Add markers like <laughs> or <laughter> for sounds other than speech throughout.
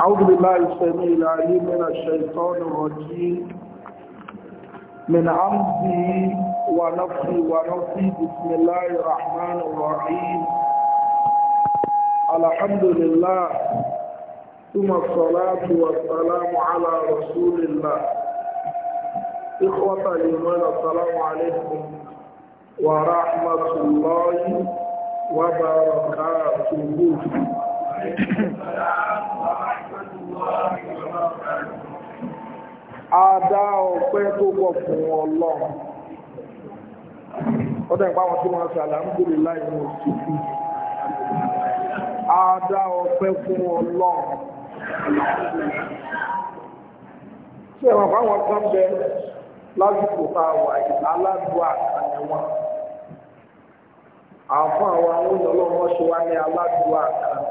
أعوذ بالله السميع العليم من الشيطان الرجيم من عمزي ونفسي ونفسي بسم الله الرحمن الرحيم الحمد لله ثم الصلاة والسلام على رسول الله إخوة الإيمان السلام عليكم ورحمة الله وبركاته Adá ọpẹ́ tó pọ̀ fún Ọlọ́run. Ọdọ̀ ìpá wọn tí wọ́n ṣe àlàmúgbèrè láì ní oṣù fi. Adá ọpẹ́ fún Ọlọ́run. Ṣé ẹ̀wọ̀n fáwọn kan bẹ lásìkò tá a wà yìí aládùn àkànyẹ wọn. àwọn àwọn olùdókòwò ṣe wá ní aládùn àkànyẹ.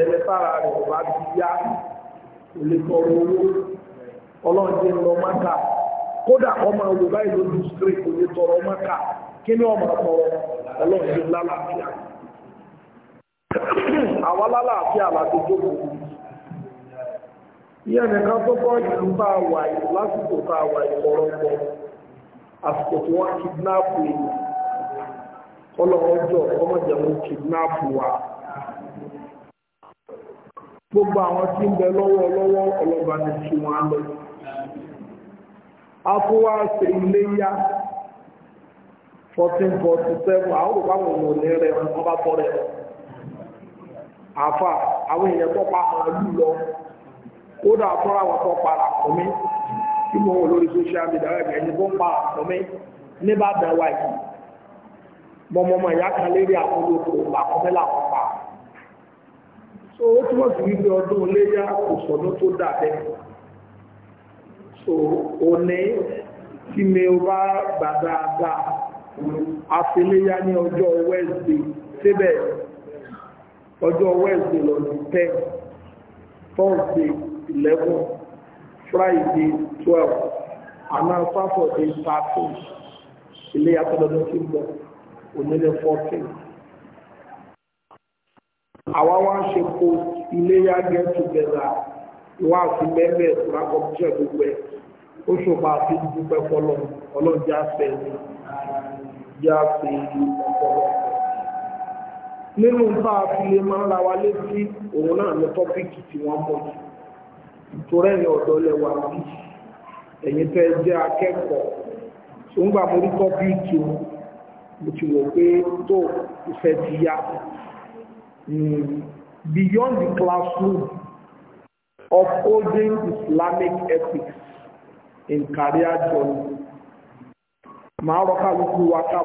ẹ̀rẹ́ sára rẹ̀ kò ti yá lè kọ owó lọ mọ́ta kódà ọmọ straight kò lè tọrọ mọ́ta kí ni ọmọ tọrọ ọlọ́run lálàáfíà àwọn lálàáfíà láti jókòó ìyá nìkan tó kọ́ ìlú bá wà yìí lásìkò wà yìí àsìkò tí wọ́n kidnap ọmọdé wọn gbogbo àwọn tí ń bẹ lọ́wọ́ lọ́wọ́ ọlọ́ba ní tí wọ́n lọ. Afúwá ṣe ilé yá 1447 àwọn òkú àwọn ọmọ òní rẹ̀ wọ́n bá tọ́ rẹ̀. Àfà àwọn èèyàn tó pa àwọn ìlú lọ. Ó dà fúnra wọn tó pa àkọ́ mi. Tí mo wọ̀ lórí social media rẹ̀ ẹni tó ń pa àkọ́ mi níbàdàn wáyé. Mọ̀mọ́mọ́ ìyá kan lérí àwọn olóko àkọ́mẹ́lá so ó túmọ̀ sí wípé ọdún iléyà kò sọdún tó dà bẹ́ẹ̀ so òní tí mi ò bá gbà dáadáa àfiléyà ní ọjọ́ wednesday síbẹ̀ ọjọ́ wednesday lọ́dún ten thursday eleven friday twelve àná saturday thirteen iléyà tó lọ́dún tí ń bọ̀ òní fourteen. àwa wá ń ṣe kó iléyà get together ìwà àti mẹ́mẹ́ ìtura kọ́míṣẹ́ gbogbo ẹ̀ ó ṣòfò àti dúpẹ́ fọlọ́ ọlọ́jà ni fi ọpọlọ. nínú máa ń ra wa létí òun náà ní tọ́pìkì tí wọ́n mọ̀ jù ìtura ẹ̀yìn ọ̀dọ́ wà bí tẹ́ jẹ́ o mo ti pé tó ìfẹ́ ti yá Mm. beyond the classroom of holding Islamic ethics in career journey. Màá rọ kálukú wa ká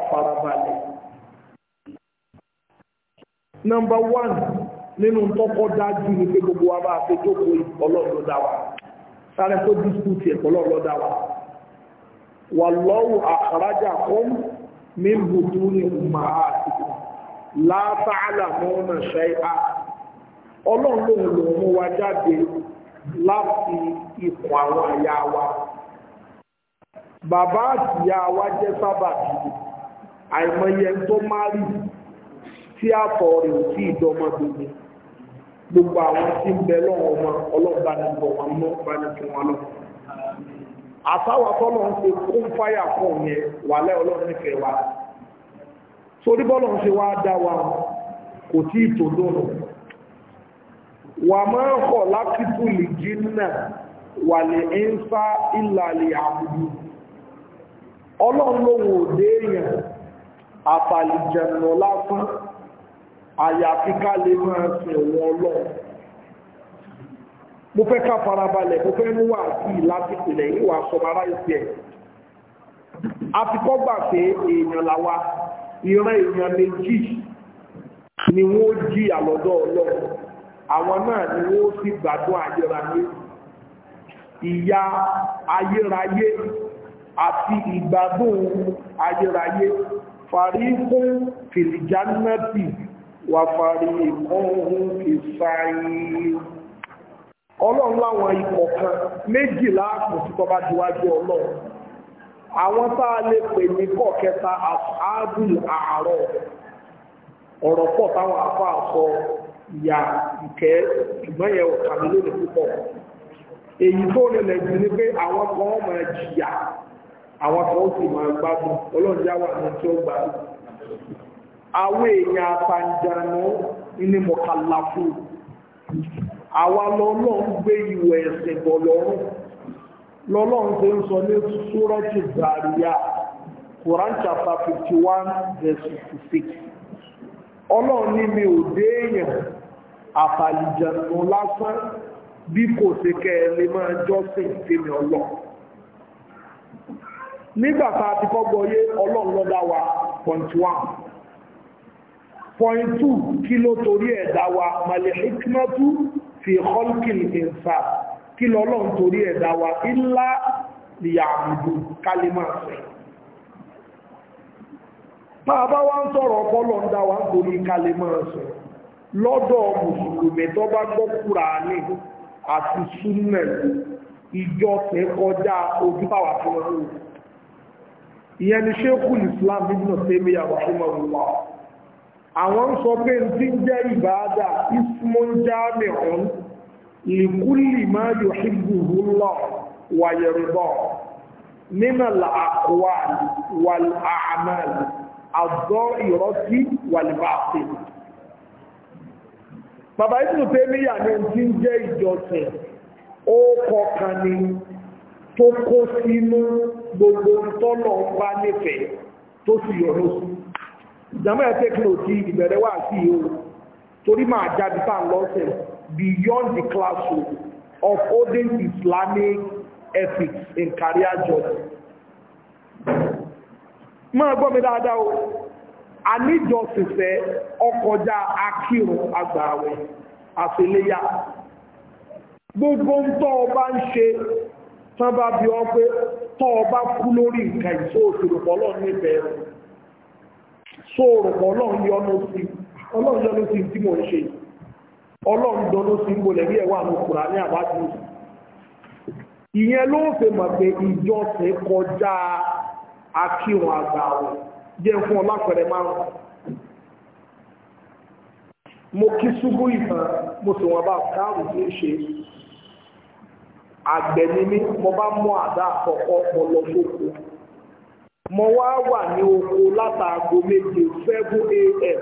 one nínú tọ́kọ́ dájú ni pé gbogbo wa bá fi jókòó ìkọlọ́ọ̀lọ́dà wa. Sáré tó dísítì ìkọlọ́ọ̀lọ́dà wa. Wallahu akhrajakum min butuni ummahatikum látàálà mọ́nà ṣẹ́yà ọlọ́run lòun lòun mú wa jáde láti ikùn àwọn àyà wa bàbá àtìyá wa jẹ́ sábàbí àìmọye tó máa rí tí àtọ̀ rẹ̀ ò tí ìdọ́mọ gbogbo àwọn tí ń bẹ lọ́wọ́ ọmọ ọlọ́ba ní bọ̀ wọn mọ́ bá fún wọn lọ. àtàwọn tọ́lọ́ ń ṣe kún fáyà fún yẹn wàlẹ́ ọlọ́run nífẹ̀ẹ́ wa torí bọ́lọ̀ ń ṣe wá dá wa kò tí ì tó lónà wà máa ń kọ̀ lákìtù lè jìnnà wà lè ń sá ìlàlẹ̀ àbúrú ọlọ́run lòun ò dé èèyàn àtàlìjẹ̀nà lásán àyàfi ká lè máa sìn wọn ọlọ́run mo fẹ́ ká farabalẹ̀ mo fẹ́ mú wà sí lásìkò lẹ́yìn ìwà sọmaráyé tiẹ̀ àtikọ́ pé èèyàn làwa ìran èèyàn méjì ni wọ́n jí àlọ́dọ̀ ọlọ́run àwọn náà ni wọ́n sì gbádùn ayérayé ìyà ayérayé àti ìgbádùn ayérayé fàrí fún fìlìjánẹ́tì wà fàrí ìkọ́hún ìsáyìn ọlọ́run láwọn ikọ̀ kan méjìlá kò sí bá diwájú ọlọ́run àwọn tá a lè pè ní kọ̀kẹta àádùn àárọ̀ ọ̀rọ̀ pọ̀ táwọn afọ àsọ ìyà ìkẹ́ ṣùgbọ́n yẹn púpọ̀ èyí tó nílẹ̀ jù ni pé àwọn kan wọ́n máa jìyà àwọn kan ó sì máa gbádùn ọlọ́run yá wà ní tí ó gbádùn àwọn èèyàn àtàǹjànú ní mọ̀kàlàfù àwa lọ́lọ́ ń gbé ìwẹ̀ ẹ̀sìn bọ̀ lọ́lọ́run ṣe ń sọ ní súrọ́tì Zariyat Quran chapter fifty one verse fifty six ọlọ́run ní mi ò dé èèyàn àfàlìjẹ̀nù lásán bí kò ṣe kẹ́ ẹ lè máa jọ́sìn tèmi ọlọ́ nígbà tá a ti kọ́gbọ́ yé ọlọ́run ló wa point one point two kí ló torí ẹ̀ wa malẹ̀ hikmatu fi khalqil insan kí lọ́lọ́run torí ẹ̀dá wa ilá ìyàmùdù kálímà fẹ́ bàbá wa ń sọ̀rọ̀ ọpọlọ ń dá wa ń torí kálímà fẹ́ lọ́dọ̀ mùsùlùmí tó bá gbọ́ Kùránì àti súnmẹ̀ ìjọ tẹ́ kọjá ojú báwa tí wọ́n lò ìyẹn ni ṣékù Islam nínú tẹ́mi àwọn tó mọ̀ wọ́n àwọn ń sọ pé ń tí ń jẹ́ ìbáadà ismon jamiu لكل ما يحبه الله ويرضاه من الأقوال والأعمال الظاهرة والباطنة bàbá ìsìn tẹ́míyà ní ti ń jẹ́ ìjọsìn ó kọkàn ni tó kó sínú gbogbo tọ́lọ̀ ń bá nífẹ̀ẹ́ tó sì yọ̀rọ̀ sí ìjàmọ́ ẹ̀ tẹ́kìlò sí ìbẹ̀rẹ̀ wà sí ìhò torí máa jáde bá lọ́sẹ̀ beyond the classroom of holding Islamic ethics in career journey. Máa gbọ́ mi dáadáa o, àníjọsìnfẹ́ ọkọjá akírun agbààwẹ̀ àfẹlẹ́yà. Gbogbo ń tọ́ ọba ń ṣe tán bá bí ọ pé tọ́ ọba kú lórí nǹkan ìṣó òṣèrùpọ̀ ọlọ́run níbẹ̀ rẹ̀. Sóòrùpọ̀ ọlọ́run yọ́nú sí, ọlọ́run yọ́nú sí tí mo ń ṣe yìí ọlọ́run dọ́nú sí gbolẹ̀ bí ẹ̀wà ní kùrà ní àbájú ìyẹn ló fẹ́ mọ̀ pé ìjọsìn kọjá akíwọn àgbà wọn jẹ́ fún ọ lápẹẹrẹ márùn mo kí ṣubú ìtàn mo sì wọn bá káàrù tí ó ṣe àgbẹ̀ mo bá mú àdá àkọ́kọ́ mo lọ sóko mo wá wà ní oko látàgò méje seven a.m.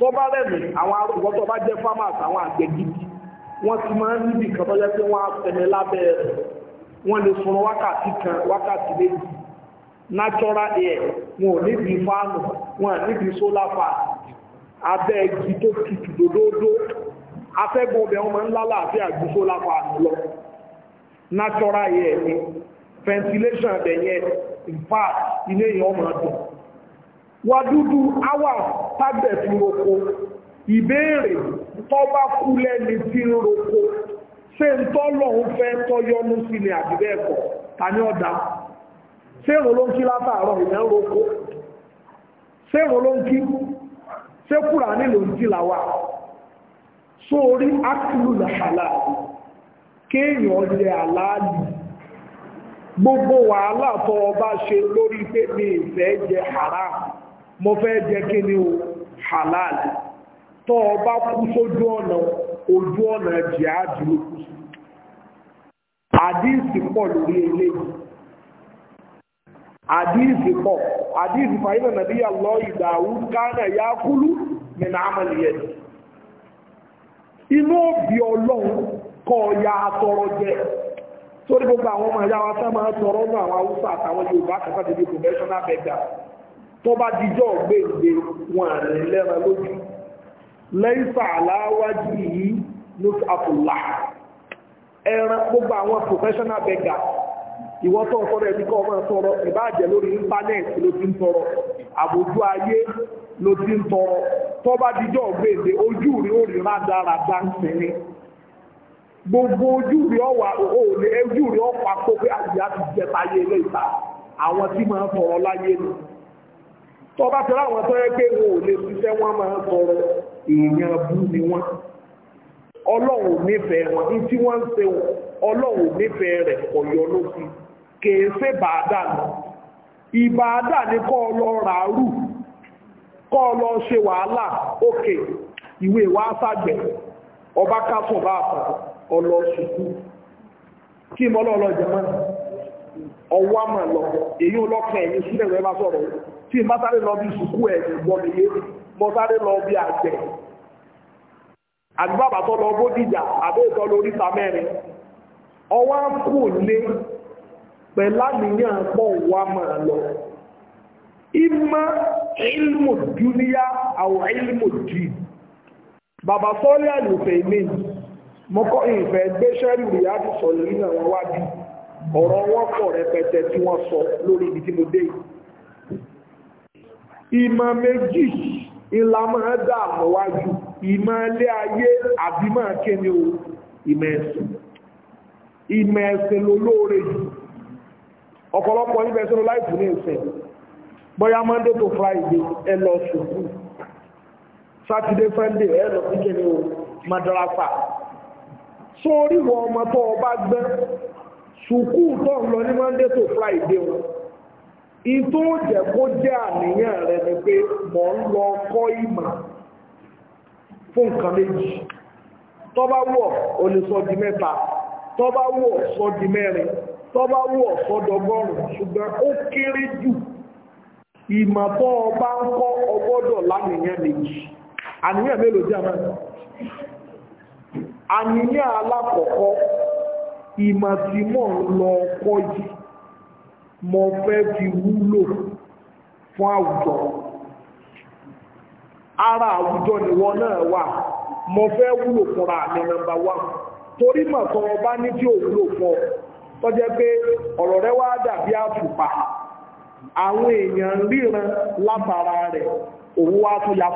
tó bá rẹ̀mí àwọn arúgbó tó bá jẹ́ farmers àwọn àgbẹ̀ gidi wọ́n ti máa ń níbi kan tó jẹ́ pé wọ́n á fẹ̀mẹ́ lábẹ́ rẹ̀ wọ́n lè sun wákàtí kan wákàtí méjì natural air wọn ò níbi fáànù wọn ò níbi solar fan abẹ́ igi tó tutù dòdòdó afẹ́gun ọbẹ̀ wọn máa ń lálàáfíà ju solar fan lọ natural air ni ventilation abẹ yẹn in fact ilé yẹn ọmọ dùn wà dúdú áwà tábẹ̀ fi roko ìbéèrè tó bá kú lẹ́ni tí ń roko ṣé ń tọ́ lọ́hún fẹ́ tọ́ yọnu sí ni àbíbẹ́ ẹ̀kọ́ ta ní ọ̀dà ṣé èrò ló ń kí látàárọ̀ ìyẹn ń roko ṣé èrò gbogbo wàhálà tó ọba ṣe lórí pé mi ìfẹ́ jẹ haram mo fẹ́ jẹ kí ni o halal tó o bá kú sójú ọ̀nà ojú ọ̀nà jihad ló àdíìsì pọ̀ lórí eléyìí àdíìsì pọ̀ àdíìsì fàyínà nàbí lọ ìdààwú kánà yá kúlú inú òbí ọlọ́run kọ́ ya atọrọ jẹ sórí gbogbo àwọn ọmọ ẹ̀yà wa tọrọ àwọn haúsá àtàwọn yorùbá tó bá dijọ́ gbèǹde wọn àrùn lẹ́ran lójú lẹ́yìnfà aláwájú yìí ló ti àpòlá ẹran gbogbo àwọn professional beggar ìwọ tó ń sọ̀rọ̀ ẹbí kọ́ ọmọ sọ̀rọ̀ ìbáàjẹ́ lórí íńtánẹ́ẹ̀tì ló ti ń tọrọ àbójú ayé ló ti ń tọrọ tó bá dijọ́ gbèǹde ojú rí ó rí rádaràdá ń sinmi gbogbo ojú rí ọwà òòlù ojú rí ọkọ̀ àkókò àti àti jẹta ayé ilé àwọn tí máa ń sọ̀rọ̀ láyé nù tó bá tẹ́lá àwọn tó yẹ pé wọn ò lè ṣiṣẹ́ wọn máa sọ̀rọ̀ èèyàn bú ni wọn ọlọ́run ò nífẹ̀ẹ́ wọn ní tí wọ́n ń ṣe ọlọ́run ò nífẹ̀ẹ́ rẹ̀ ọ̀yọ́ ló fi kèé ṣe bàádà lọ ìbàádà ni kọ́ ọ lọ ràárù kọ́ ọ lọ ṣe wàhálà òkè ìwé wa sàgbẹ̀ ọba kásùn bá àpà ọlọ ṣùkú kí mọ́lọ́ ọlọ́jọ́ mọ́ ọwọ́ àmà lọ èyí ọlọ́kàn ẹ̀yìn sílẹ̀ rẹ̀ bá sọ̀rọ̀ tí n bá sáré lọ bí sùkú ẹ̀ gbọ́ mi yé mo sáré lọ bí àgbẹ̀ àdúgbò àbàtọ́ lọ bódìjà àbẹ́ ìtọ́ lórí ta mẹ́rin ọwọ́ kù lé pẹ̀láníyàn pọ̀ wá máa lọ ìmọ̀ ilmù dúníyà àwọn ilmù dì bàbá sọ́lé àlùfẹ́ ilé mọ́kọ́ ìfẹ́ gbé sẹ́rì rí àti sọ̀lẹ̀ nínú àwọn wádìí ọ̀rọ̀ wọn pọ̀ rẹpẹtẹ tí wọ́n sọ lórí ibi tí mo dé yìí ìmọ̀ méjì ìlà máa dà mọ́wájú ìmọ̀ ilé ayé àbí máa kéde o ìmọ̀ ẹ̀sìn ìmọ̀ ẹ̀sìn lólóore yìí ọ̀pọ̀lọpọ̀ ibẹ̀ sọ́rọ̀ láìpù ní ìsìn bóyá monday to friday ẹ lọ ṣùgbù saturday sunday ẹ lọ sí kéde o madrasa sórí wọn ọmọ tó ọba gbẹ ṣùkú tó ń lọ ní monday to friday wọn ìtò jẹ́ kó jẹ́ àníyàn rẹ ni pé mọ̀ ń lọ kọ́ ìmọ̀ fún nǹkan méjì tó bá wọ̀ o lè sọ di mẹ́ta tó bá wọ̀ sọ di mẹ́rin tó bá wọ̀ sọ dọgọ́rùn ṣùgbọ́n ó kéré jù ìmọ̀ tó o bá ń kọ́ o láníyàn méjì àníyàn mélòó jẹ́ àmọ́ àníyàn alákọ̀ọ́kọ́ ìmọ̀ tí mò ń lọ kọ́ yìí mo fẹ́ fi wúlò fún àwùjọ ara àwùjọ nìwọ náà wà mo fẹ́ wúlò fúnra torí mọ̀ tó bá ní tí ò wúlò fún ọ jẹ́ pé ọ̀rọ̀ rẹ wá dàbí àtùpà àwọn èèyàn ríran látara rẹ̀ òun fúnra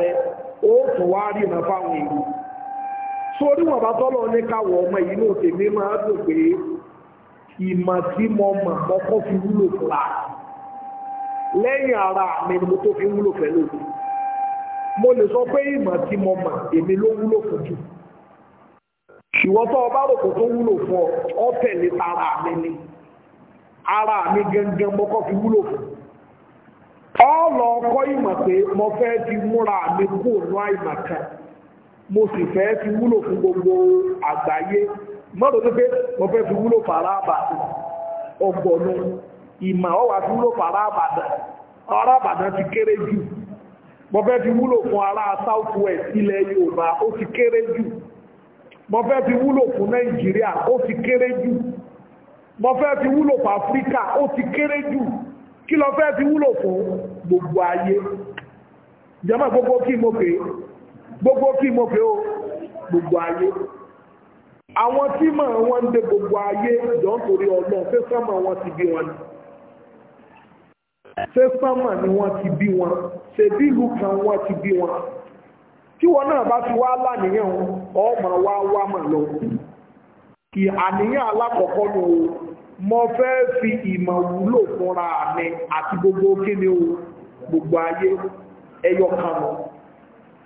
rẹ̀ ó tún wá ríran fáwọn sórí wọn bá tọ́lọ̀ ní káwọ̀ ọmọ yìí ní òtè mi máa dùn pé ìmọ̀ tí mo mọ̀ mọ́kọ́ fi wúlò fúnra lẹ́yìn ara mi ni mo tó fi wúlò pẹ̀lú mo lè sọ pé ìmọ̀ tí mo mọ̀ èmi ló wúlò fún jù ṣùgbọ́n tó o bá rò kó tó wúlò fún ọ ọ tẹ̀lé tara mi ni ara mi gangan mọ́kọ́ fi wúlò fún ọ lọ kọ́ ìmọ̀ pé mo fẹ́ fi múra mi kúrò ní àìmọ̀ kan mo sì fẹ́ fi wúlò fún gbogbo àgbáyé mọ́rọ̀ tó pé mo fẹ́ fi wúlò fàrábà ọgbọ̀nù ìmọ̀ ọ wà fi wúlò fàrábà Àbàdàn ti kéré jù mo fẹ́ fi wúlò fún ará south west ilẹ̀ Yorùbá ó ti kéré jù mo fẹ́ fi wúlò fún Nàìjíríà ó ti kéré jù mo fẹ́ fi wúlò fún Áfíríkà ó ti kéré jù kí ló fẹ́ fi wúlò fún gbogbo ayé jẹ́mọ̀ gbogbo kí mo pè é gbogbo kí mo pé o gbogbo ayé àwọn tí mọ̀ wọn ń de gbogbo ayé jọ ń torí ọlọ́run ṣé sánmọ̀ wọn ti bí wọn ni ṣé sánmọ̀ ni wọ́n ti bí wọn ṣe bí ìlú kan wọ́n ti bí wọn tí wọn náà bá ti wá láníyàn ọmọ wa wá mọ̀ lọ kí àníyàn alákọ̀ọ́kọ́ ni o mo fẹ́ fi ìmọ̀ wúlò fúnra mi àti gbogbo kí ni o gbogbo ayé ẹyọ kan lọ.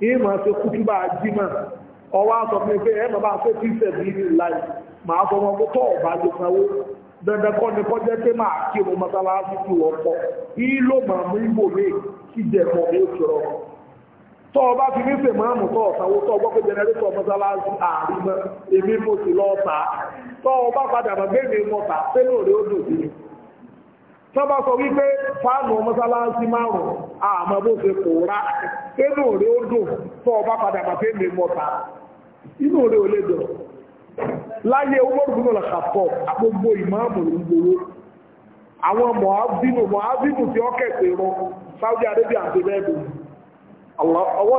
ìmọ̀ ṣe kútúbà jímọ̀ ọwọ́ àṣọ mi pé ẹ̀mọ̀ bá ṣe tí ìṣẹ̀ bí láì máa sọ wọn kó tọ́ ọ̀bá lè sanwó dandan kọ́ ni kọ́ jẹ́ pé máa kí mo mọ́sálásí tí wọ́n kọ́ ìlò máa mú ìbò mi kí jẹ mọ́ mi ó sọ̀rọ̀ tọ́ ọ bá fi ní sè máa mú tọ́ ọ̀sánwó tọ́ ọgbọ́ pé jẹnẹrétọ̀ mọ́sálásí ààrin mọ́ èmi mo sì lọ́ọ̀ta tọ́ ọ bá padà mọ́ tọ́bá sọ wípé fáànù mọ́sálásí márùn àmọ́ bó ṣe kò rá pẹ́lú òré ó dùn fọ́ ọba padà bàtẹ́ lè mọ́ta inú òré ò lè dùn láyé umaru làkàtọ̀ gbogbo ìmáàmù ń gbowó àwọn mọ̀ábínú mọ̀ábínú tí ó kẹ̀kẹ́ rọ Saudi Arabia àti bẹ́ẹ̀dù ọwọ́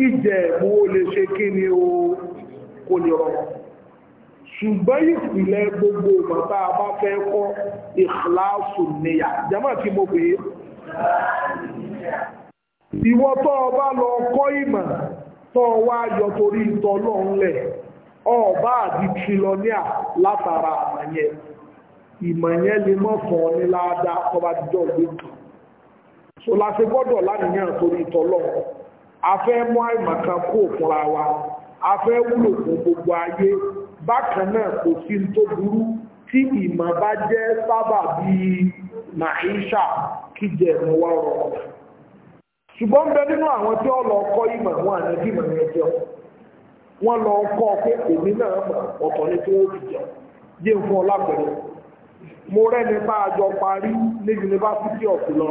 kíjẹ mú ó lè ṣe kí ni o kò lè rọrùn ṣùgbọ́n ìpìlẹ̀ gbogbo bàbá bá fẹ́ kọ́ ìkìláàsù níyà jẹ́mọ̀ tí mo pè é ìwọ tó o bá lọ kọ́ ìmọ̀ tó o wá yọ torí ìtọ́lọ́ ńlẹ̀ ọba àti trilọ́níà látara àmàyẹ ìmọ̀yẹ́ lè mọ́ fún ọ ní ládàá tó bá jíjọ́ gbé kan so láti gbọ́dọ̀ lánìyàn torí ìtọ́lọ́ ńlẹ̀ afẹ́ mú àìmọ̀kan kó fúnra wa afẹ́ wúlò fún gbogbo ayé bákan náà kò sí tó burú tí ìmọ̀ bá jẹ́ sábà bíi màíṣà kíjẹ̀ mọ́ wá rọrùn ṣùgbọ́n bẹ nínú àwọn tí ó lọ kọ́ ìmọ̀ wọn àti ìmọ̀ yẹn jẹ́ wọn lọ kọ́ pé èmi náà mọ̀ ọ̀tọ̀ ní tí wọ́n fi jẹ́ yé fún ọ lápẹ̀rẹ̀ mo rẹ́ni bá a jọ parí ní yunifásitì ọ̀sùn lọ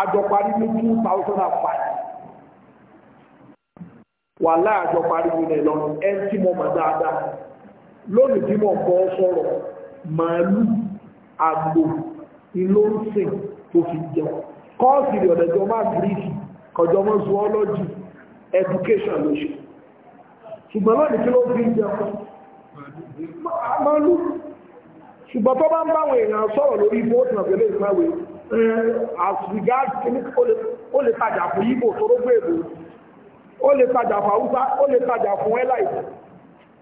a jọ parí ní two thousand and five wà láàjọ pariwo ilẹ̀ lọ ẹni tí mo mọ̀ dáadáa lónìí tí mo bọ́ sọ̀rọ̀ màálù àgbò ìlú ń sìn tó fi jẹun kọ́ọ̀sì rẹ̀ ọ̀dẹ̀jọ́ máa gíríkì kọjọ́ mọ́ zoology education ló ṣe ṣùgbọ́n lónìí tí ló fi jẹun màálù ṣùgbọ́n tó bá ń báwọn èèyàn sọ̀rọ̀ lórí ibò tí wọ́n fi lè gbáwé eh, as regards o lè tajà fún ibò tó rógbó ó lè tajà fún haúsá ó lè tajà fún airline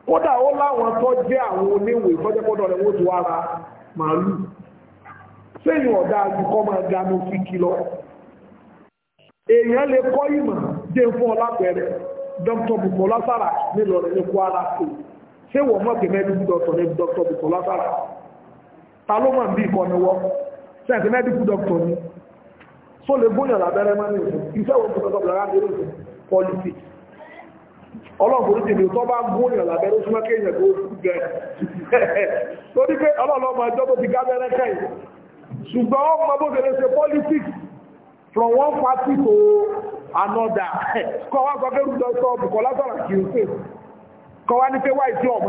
kódà ó láwọn tó jẹ́ àwọn oníwèé tọ́jẹ́ kọ́dọ̀ rẹ̀ wọ́n ti wá ra màálù sẹ́yìn ọ̀dà àjùkọ́ máa ganu fìkì lọ èèyàn lè kọ́ ìmọ̀ jẹ́ fún ọ lápẹẹrẹ dr bukola sara nílọrin ní kwara kò ṣé wọ́n mọ̀ pé mẹ́díkù dọ́tọ̀ ní dr bukola sara ta ló mọ̀ bí ìkọ́ni wọ́ sẹ́yìn mẹ́díkù dọ́tọ̀ ni só lè gbóyàn lábẹ́rẹ́ mọ́ ní ìṣẹ́ ìṣẹ́ wọn kò tọ́tọ̀ bẹ̀rẹ̀ politics ọlọ́gbòrú ti ní tó bá gúnyàn lábẹ́rẹ́ súnmọ́ kéèyàn tó gẹ̀ torí pé ọlọ́lọ́mọ ẹjọ́ tó ti gábẹ́rẹ́ kẹ́yìn ṣùgbọ́n ọmọ bó ṣe politics from one party to another <laughs> kọ́ wá sọ sọ kì í kọ́ wá ní pé tí ọmọ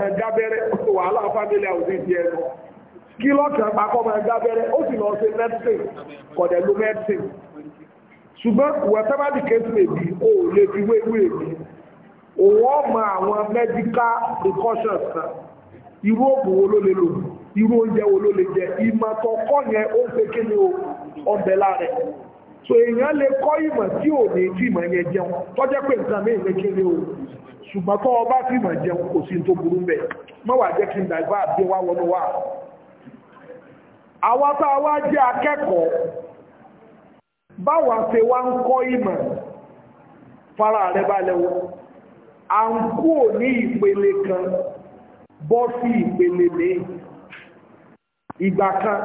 family ṣùgbọ́n whatever the case may be o lè fi wéwé mi òun ọmọ àwọn medical precautions kan irú òògùn wo ló lè lò irú oúnjẹ wo ló lè jẹ ìmọ̀ tó kọ́ yẹn ó ń pe kí o ọbẹ̀ lára so èèyàn lè kọ́ ìmọ̀ tí ò ní tí ìmọ̀ yẹn jẹun tó jẹ́ pé nǹkan mí ìmọ̀ kí ni o ṣùgbọ́n tó ọba tí ìmọ̀ jẹun kò sí tó burú mbẹ̀ mọ́wàá jẹ́ kí n dàgbà bí wá wọnú wà àwọn tá a wá jẹ́ akẹ́kọ̀ọ́ báwa ṣe wá ń kọ́ ìmọ̀ fara rẹ̀ balẹ̀ wọ́n à ń kúò ní ìpele kan bọ́ sí ìpele lẹ́yìn ìgbà kan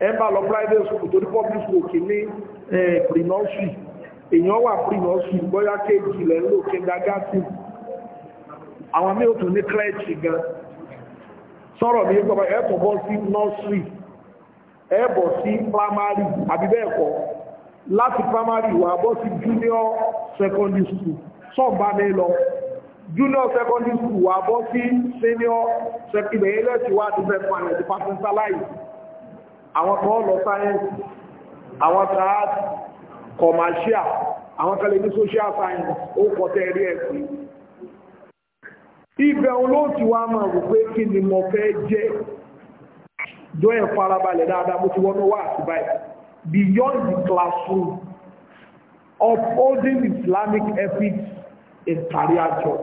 ẹ bá lọ private school torí public school kì ní pre-nursery èèyàn wà pre-nursery bóyá kéèjì lẹ́ ń lò kindergarten àwọn mí ò ní clergy gan sọ̀rọ̀ mi ẹ̀ tó bọ́ sí nursery ẹ̀bọ̀ sí primary àbí bẹ́ẹ̀ kọ́ láti primary wà bọ́ sí junior secondary school sọ́ọ̀bá lọ junior secondary school wà bọ́ sí senior secondary ẹlẹ́tì wá ti bẹ́ẹ̀ fún àyẹ̀dì pàṣẹsáláì àwọn kan lọ science àwọn kan commercial àwọn kan lè ní social science ó kọ́ tẹ́ ẹ̀rí ẹ̀sìn ibẹ̀ òun ló ti wá máa rò pé kí ni mo fẹ́ jẹ́ jọ ẹ̀ farabalẹ̀ dáadáa mo ti wọnú wá àti báyìí beyond the classroom upholding Islamic ethics in career job.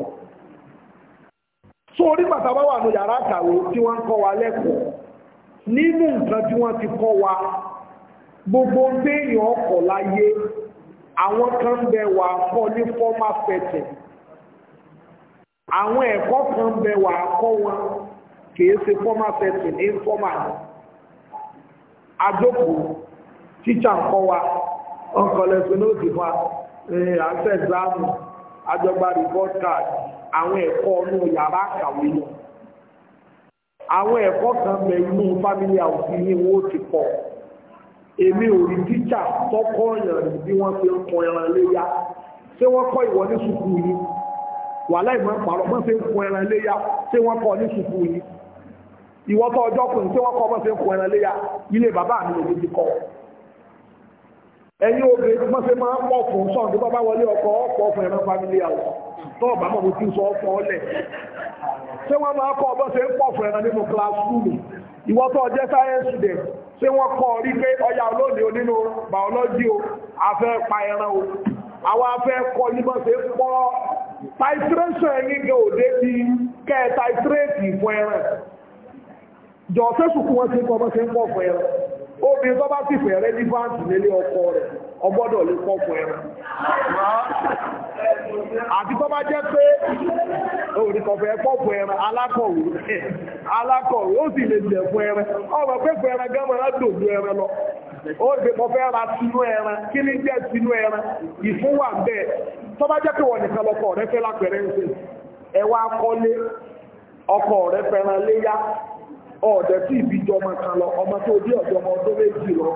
so orí bàtà bá wà ní yàrá àkàwé tí wọ́n ń kọ́ wa lẹ́kọ̀ọ́ nínú nǹkan tí wọ́n ti kọ́ wa gbogbo béèyàn ọkọ̀ láyé àwọn kan bẹ wà kọ́ ní formal setting àwọn ẹ̀kọ́ kan bẹ wà kọ́ wọn kìí ṣe formal person informal adókòó tíṣà ń kọ́ wa ọkọ̀ lẹ́sìn ní òsì fa àṣẹ ìgbàmù àjọgbà report card àwọn ẹ̀kọ́ ọ̀nù yàrá àkàwé lọ àwọn ẹ̀kọ́ kan bẹ̀ inú family house ní owó ti pọ̀ èmi ò rí tíṣà tọ́kọ́ ọ̀yàn bí wọ́n ṣe ń kọ ẹran léyà ṣé wọ́n kọ́ ìwọ ní sùkúù yìí wàhálà ìmọ̀ pàrọ̀ wọ́n ṣe ń kọ ẹran léyà ṣé wọ́n kọ́ ní sùkúù yìí ìwọ́tọ̀ ọjọ́ kùn tí wọ́n kọ́ ọmọ sí ń kún ẹran léyà ilé bàbá mi lè ti kọ́ ẹ̀yin obìnrin ma sí máa ń pọ̀ fún sọ́ọ̀n tó bá wọlé ọkọ̀ ọ̀pọ̀ fún ẹran family house tó ọ̀bá mọ̀ mo ti sọ ọ̀pọ̀ ọ̀lẹ̀ ṣé wọ́n máa kọ́ ọmọ ń pọ̀ fún ẹran nínú classroom ìwọ́tọ̀ ọjọ́ science student ṣé wọ́n kọ́ titration jọ sẹ́sùkú wọn ti ń kọ́ bọ́ sí ń pọ̀ fún ẹran obìnrin tó bá sì fẹ́ rẹ ní báńkì nílé ọkọ rẹ̀ ọgbọ́dọ̀ lè pọ̀ fún ẹran àti tó bá jẹ́ pé òrìkọ̀fẹ́ pọ̀ fún ẹran alákọ̀wé alákọ̀wé ó sì lè lẹ̀ fún ẹran ọmọ pé fún ẹran gẹ́mọ̀ ládòdó ẹran lọ ó lè pọ̀ fẹ́ ra tinú ẹran kí ní jẹ́ tinú ẹran ìfúnwà bẹ́ẹ̀ tó bá jẹ́ pé wọ́n nìkan lọkọ rẹ̀ fẹ́ lápẹ̀rẹ̀ ń sè ẹwà akọ́lé ọkọ rẹ̀ fẹ́ràn léyà ọ̀dẹ̀ tí ìbíjọ ọmọ kan lọ ọmọ tó dé ọ̀dọ̀ ọmọ ọdún méjì lọ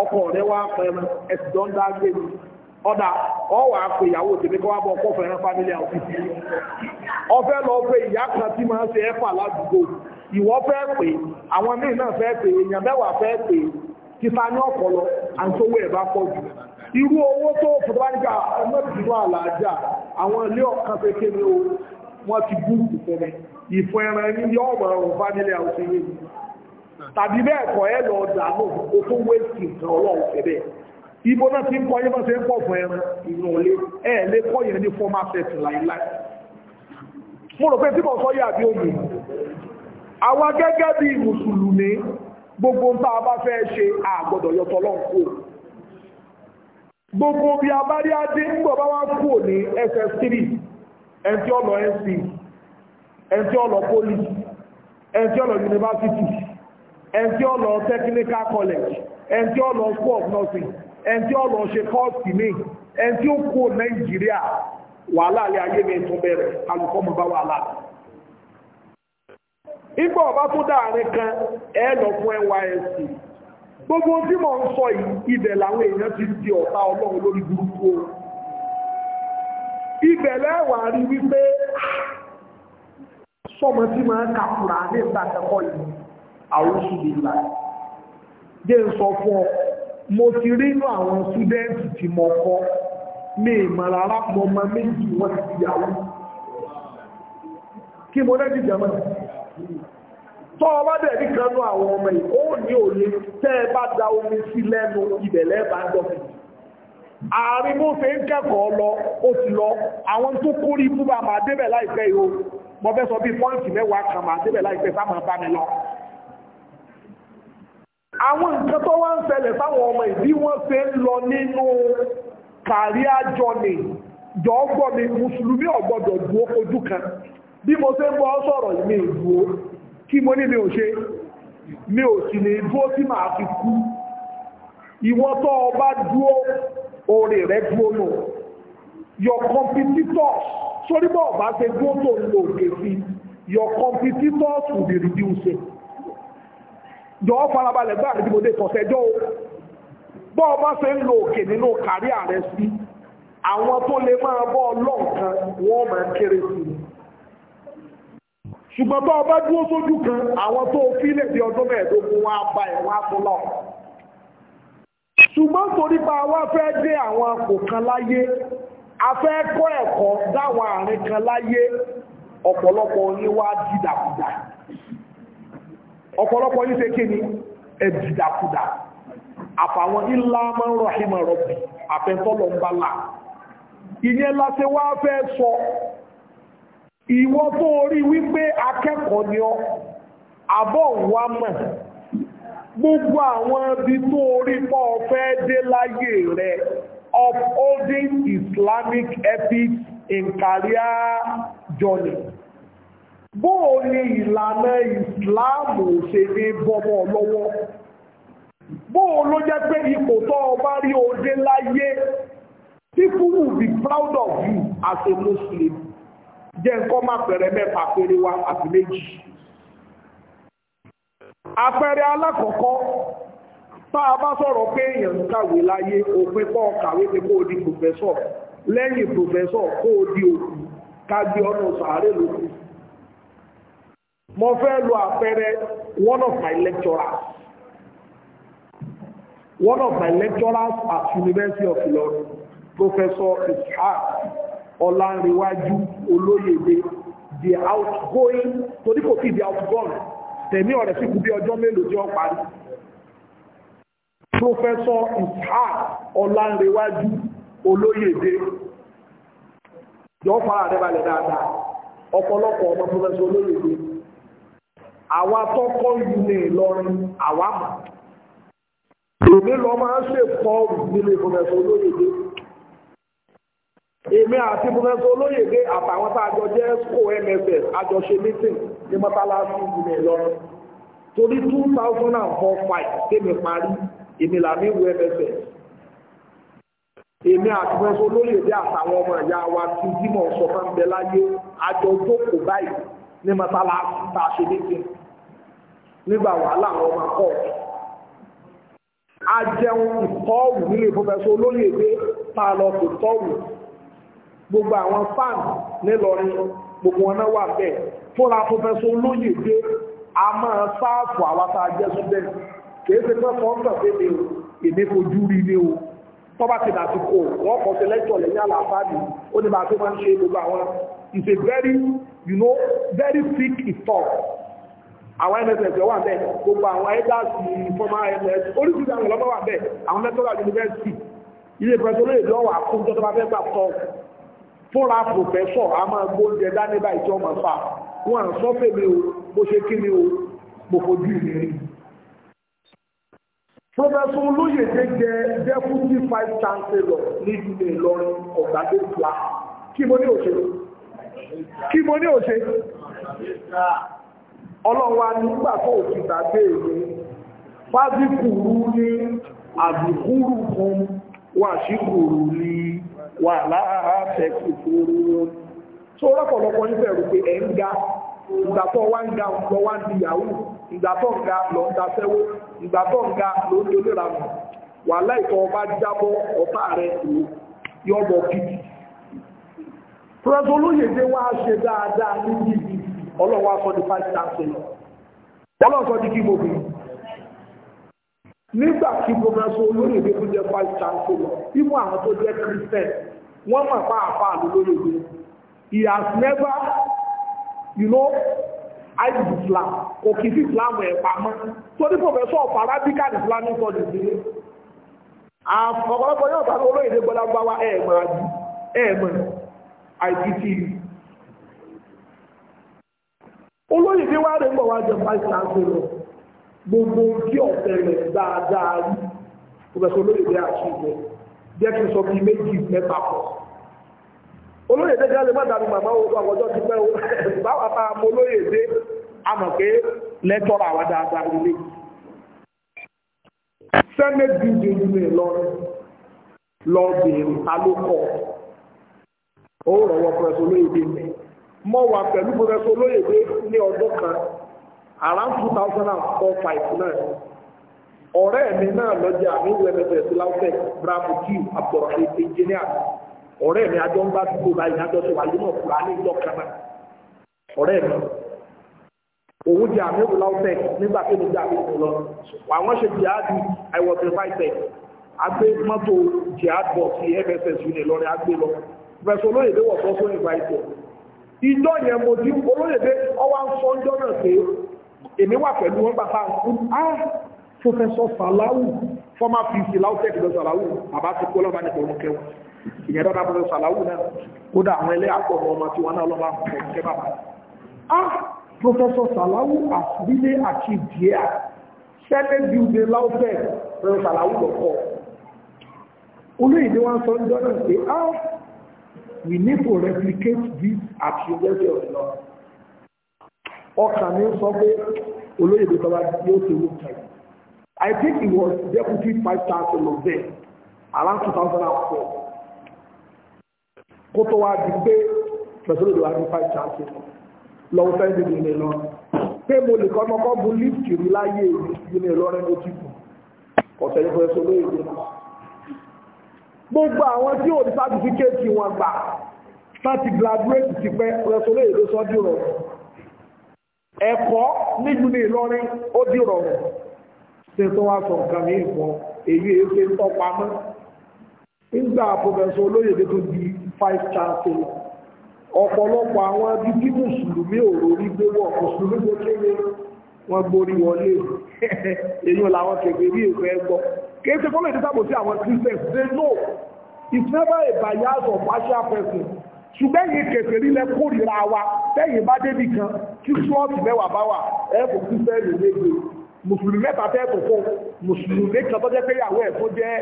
ọkọ rẹ wá pẹ̀rẹ̀ ẹ̀sìdọ́ ń dágbé mi ọ̀dà ọwà pé ìyàwó tèmi kọ́ wá bọ̀ ọkọ̀ fẹ̀rẹ̀ family house ti ọfẹ́ lọ pé ìyá kan tí máa ń ṣe ẹ̀fà ládùúgbò ìwọ fẹ́ pé àwọn míì náà fẹ́ pé èèyàn mẹ́wàá fẹ́ pé títa ní ọ̀pọ̀lọ àǹtówó ẹ̀ bá pọ̀ jù irú owó tó fòtò wáníkà ọmọbìnrin àlàájá àwọn ilé ọ̀kan pékéré o wọ́n ti búrú fẹ́rẹ́ ìfún ẹran ní yọ́ ọmọ ọ̀rùn fámílì àwùjọ yìí tàbí bẹ́ẹ̀ kọ́ ẹ lọ ọ̀dà náà o tó wéèkì nǹkan ọlọ́run fẹ́bẹ̀ ibo náà ti ń kọ́ yín bá ṣe ń pọ̀ fún ẹran ìrùn òlé ẹ̀ lé kọ́ yẹn ní formal set láìláì mo rò pé tí mo sọ yà bí omi àwa gẹ́gẹ́ bí mùsùlùmí gbogbo ń tá a bá fẹ́ ṣe àgbọ̀dọ̀ yọtọ̀ lọ́n kú gbogbo bí abárí adé ń bọ̀ bá wá kú ní ss3 ẹ̀ńtí ọ̀nà nc ẹni tí ó lọ poli ẹni tí ó yunifásitì ẹni tí ó lọ technical college ẹni tí ó lọ school of nursing ẹni tí ó lọ ṣe kọ́ọ̀sì míì ẹni tí ó kó nàìjíríà wàhálà alẹ́ ayé mi tún bẹ̀rẹ̀ alùkọ́ mọ̀ bá wàhálà. Igbó ọba tó dáàrin kan ẹ lọ fún NYSC. Gbogbo tí mò ń sọ yìí, ibẹ̀ làwọn èèyàn ti di ọ̀tá ọlọ́run lórí burúkú o. Ibẹ̀ lẹ́wàá rí wípé sọmọ tí máa kàkùrà ní ìgbàkẹ́kọ̀ọ́ yìí àwọn oṣù lè là jẹ́ ń sọ fún ọ mo ti rí inú àwọn súdẹ́ǹtì tí mo kọ́ ní ìmọ̀lára mọ́ ma méjì wọ́n ti yàwó kí mo lẹ́jì jẹ́ mọ́ tọ́ ọba dẹ̀ ní kanú àwọn ọmọ yìí ó ní òye tẹ́ ẹ bá da omi sí lẹ́nu ìbẹ̀lẹ́ bá dọ̀fẹ̀ ààrin bó ṣe ń kẹ́kọ̀ọ́ lọ ó ti lọ àwọn tó kórí fún bàbá débẹ̀ láìpẹ́ yìí mo fẹ́ sọ bí pọ́ǹtì mẹ́wàá kan máa débẹ̀ láìpẹ́ sáà máa bá mi lọ. àwọn nǹkan tó wá ń ṣẹlẹ̀ sáwọn ọmọ ìdí wọ́n ṣe ń lọ nínú kàríà jọ̀nì jọ gbọ́ mi mùsùlùmí ọ̀gbọ́dọ̀ dúó ojú kan bí mo ṣe ń bọ́ sọ̀rọ̀ mi dúó kí mo ní mi ò ṣe mi ò sì ní dúó tí màá fi kú ìwọ tó o dúó oore rẹ dúó nù your competitors torí bọ́ ọ̀bá ṣe dúró tó ń lo òkè sí your competitors will be reducing jọ̀ọ́ farabalẹ̀ gbá àti ìdìbòdè tọ̀sẹ̀jọ́ o bọ́ ọba ṣe ń lo òkè nínú kárí ààrẹ sí àwọn tó lè máa bọ́ ọlọ́ǹkan wọ́n máa kéré sí i ṣùgbọ́n bá ọba dúró sójú kan àwọn tó fílẹ̀ bí ọdún mẹ́ẹ̀ẹ́dógún wọn á ba ẹ̀wọ̀n àtúnlọ̀ ṣùgbọ́n torí pa wá fẹ́ dé àwọn àpò kan láyé a fẹ́ kọ́ ẹ̀kọ́ dáwọn àárín kan láyé ọ̀pọ̀lọpọ̀ yín wá dìdàkudà ọ̀pọ̀lọpọ̀ yín kí ni ẹ dìdàkudà àfàwọn ilá máa ń rọ̀hìmọ̀ rọ̀bì àfẹ́tọ́lọ̀ ń bá là ìyẹn láti wá fẹ́ sọ ìwọ tó rí wípé akẹ́kọ̀ọ́ ni ọ upholding Islamic ethics in career journey. Bóò ni ìlànà ìsìláàmù ṣe ní bọ́mọ̀ lọ́wọ́? Bóò ló jẹ́ pé ipò tó ọba rí òde láyé, people will be proud of you as a Muslim. Jẹ́ nǹkan máa pẹ̀rẹ̀ mẹ́fà péré wa àti méjì. Àpẹẹrẹ alákọ̀ọ́kọ́ tá a bá sọ̀rọ̀ pé èèyàn kàwé láyé òpin pọ̀ kàwé pé kó di pòfẹ́sọ̀ lẹ́yìn pòfẹ́sọ̀ kó di òkú kágbé ọ̀nà sàárè lókù mo fẹ́ lo àpẹẹrẹ one of my lecturers one of my lecturers at University of Ilorin Professor Ishaq Ọlánrewájú Olóyèdè the outgoing torí kò sí the outgoing tẹ̀mí ọ̀rẹ́ sí kú bí ọjọ́ mélòó tí ó parí Professor Ishaq Ọlánrewájú Olóyèdé jọ fara àdẹ́balẹ̀ dáadáa ọ̀pọ̀lọpọ̀ ọmọ Professor Olóyèdé àwa tọ́kọ́ ìlú Ìlọrin àwa mọ̀ èmi lọ máa ń ṣèkọ́ nílé Professor Olóyèdé èmi àti Professor Olóyèdé àtàwọn tá a jọ jẹ́ SCO MSS àjọṣe meeting ní mọ́tálásí ìlú Ìlọrin torí two thousand and four five tèmi parí èmi làmí wù ẹ̀fẹ̀fẹ̀ èmi àtúnṣe olóyèdè àtàwọn ọmọ ìyá wa tí jimoh sọ fún mi láyé àjọ jókòó báyìí ní mọ́sálásí tá a ṣe méjì nígbà wàhálà àwọn ọmọ akọ́ ajẹun ìtọ́wù nílé pọfẹsọ olóyèdè tá a lọ sí tọ́wù gbogbo àwọn fan nílọrin gbogbo wọn náà wà bẹ́ẹ̀ fúnra pọfẹsọ olóyèdè a máa sáàfù àwọn tá a jẹ́ sùdẹ́ntì kìí ṣe pẹ́ pé mi ò fojú rí ni o tọ́ba ti dà sí kò wọ́n kọ́ sí lẹ́tọ̀ lẹ́yìn àlàáfáàdì ó ní bá tó máa ń ṣe gbogbo àwọn it's a very you know very thick talk àwọn nss wà bẹ́ẹ̀ gbogbo àwọn elders former ms oríṣiríṣi àwọn ọlọ́mọ wà bẹ́ẹ̀ àwọn lecturer university ilé ìfẹsọ lóye lọ wà fún tó tó bá fẹ́ gbà tọ́ fúnra professor a máa gbóúnjẹ dání báyìí tí wọ́n máa fà wọ́n à ń sọ́fẹ̀ mi o mo ṣe kí mi o mo fojú ìrírí Professor Olóyèdé jẹ deputy vice chancellor ní ìlú Ìlọrin ọ̀gbàdéjìlá. Kí mo ní òṣè? Kí mo ní òṣè? Ọlọ́wà nígbà tó ò ti dàgbé èmi, fásitìkùrú ní àbùkúrù fún wà síkùrù ní wà láàáfẹ́kì fóró. Tó rọ́pọ̀lọpọ̀ ń bẹ̀rù pé ẹ̀ ń ga, ìgbà tó wá ń ga ọ̀pọ̀ wá di yahoo ìgbà tó ń ga lọ ń daṣẹ́wó ìgbà tó ń ga ló ń dolóra mọ̀ wàhálà ìtọ́ ọba jábọ́ ọba rẹ̀ yọ́bọ̀ kìkì. pẹ̀lú olóyèdè wá ṣe dáadáa ní bíbí ọlọ́wọ́ aṣọ di five thousand ọlọ́sọ di kí mo nígbà tí pọfẹsọ olóyèdè tó jẹ five thousand ìmú àwọn tó jẹ christian wọ́n mọ̀ pàápàá lólóyèdè he has never you know àìsí islam kò kì í sí islam ẹ̀ pamọ́ torí professor of arabican islamic studies nílé ọ̀pọ̀lọpọ̀ yóò tàbí olóyèdè gbọ́lágbáwá ẹ̀ẹ̀mọ̀ àjú ẹ̀ẹ̀mọ̀ IPT olóyèdè wá rẹ̀ mọ̀ wá jẹ five thousand lọ gbogbo tí ọ̀tẹ̀lẹ̀ dáadáa rí professor olóyèdè àṣìṣe jẹ́ kí n sọ bí méjì mẹ́ta pọ̀ olóyè dé jáde má dàbí màmá owó àwọjọ́ ti pẹ́ owó <laughs> báwa bá mọ olóyè dé àmọ̀ pé lẹ́tọ́rọ̀ àwọn dáadáa nílé senate building nílé lọ́rùn lọ bèèrè ta ló kọ́ ó rọ̀wọ́ pẹ̀lú olóyè dé mẹ́ mọ́ wà pẹ̀lú pẹ̀lú olóyè dé ní ọdún kan around two thousand and four five nine ọ̀rẹ́ mi náà lọ́jà àmì ìwé ẹ̀mẹ́fẹ̀ẹ́sì láwùjẹ́ bravo q abdulrahman engineer ọ̀rẹ́ mi adọ́ ń bá dúró báyìí lájọ́ tó wà yìí náà kúrò alẹ́ ìjọ kan náà ọ̀rẹ́ mi òun jẹ àmì òwúlá ọ̀fẹ́ nígbà tó ní jẹ àmì òwúlọ àwọn ṣe jihadi àìwọ̀sẹ̀ fáìtẹ̀ agbé mọ́tò jihad bọ̀ sí fss unit lọ́rẹ́ agbé lọ pẹ̀sẹ̀ olóyèdè wọ̀ sọ́sọ́ ní fáìtẹ̀ ìjọ yẹn mo ti olóyèdè ọwá ń sọ ọjọ́ náà pé èmi wà pẹ̀lú wọn bàbá fún ah professor Salawu former pc lautech lọ bàbá ti kó lọ́ba nípa òun kẹwàá ìyẹn dáadáa bọ́ sàláwù náà kódà àwọn ilé àpọ̀nù ọmọ tí wọ́n náà lọ́ba ẹ̀kẹ́ bàbá ah professor sàláwù has really achieved here senate building laufẹ́ pẹ̀lú sàláwù lọ́kọ̀ olóyìnbí wọn sọ ń jọ́nà pé ah we need to replicate this at university of law ọkàn mi sọ pé olóyìnbí tọ́ba yóò ṣe wọ́n tẹ̀lé I think he was deputy five thousand of them around 2004 kó tó wá di pé pẹ̀sọ́lù ló wá ní five chances lọ́wọ́ fẹ́ níbi ìrìn lọ pé mo lè kọ́ ọmọkọ́ bu lift rí láyé ìrìn lọ́rẹ́ ló ti kù ọ̀sẹ̀ yìí fẹ́ sọ lóye ìrìn gbogbo àwọn tí ò ní sátifíkẹ́ẹ̀tì wọn gbà láti graduate ti pẹ́ pẹ̀sọ́ lóye ló sọ́ dìrọ̀ ẹ̀kọ́ nílùú ní Ìlọrin ó dìrọ̀ ṣe tó wá sọ nǹkan ní ìfọ̀ èyí èyí ṣe ń tọ́ pamọ́ nígbà pọfẹsọ olóyèdè tó di five star failure ọ̀pọ̀lọpọ̀ àwọn ibi tí mùsùlùmí ò rórí gbé wọ̀ mùsùlùmí tó kéré wọn gborí wọlé <laughs> èyí làwọn kèfèrí èkó ẹgbọ́ kìí ṣe fọ́lọ̀ ìdí sábò sí àwọn christians they know it's never a bias or partial person ṣùgbẹ́ yìí kèfèrí lẹ kórìíra wa tẹ́yìn bá débì kan tí slọ́ọ̀tì mẹ́wàá bá wà ẹ̀fọ́ christian lè lé mùsùlùmí mẹ́ta fẹ́ tó fún mùsùlùmí kan tó jẹ́ pé ìyàwó ẹ̀ tó jẹ́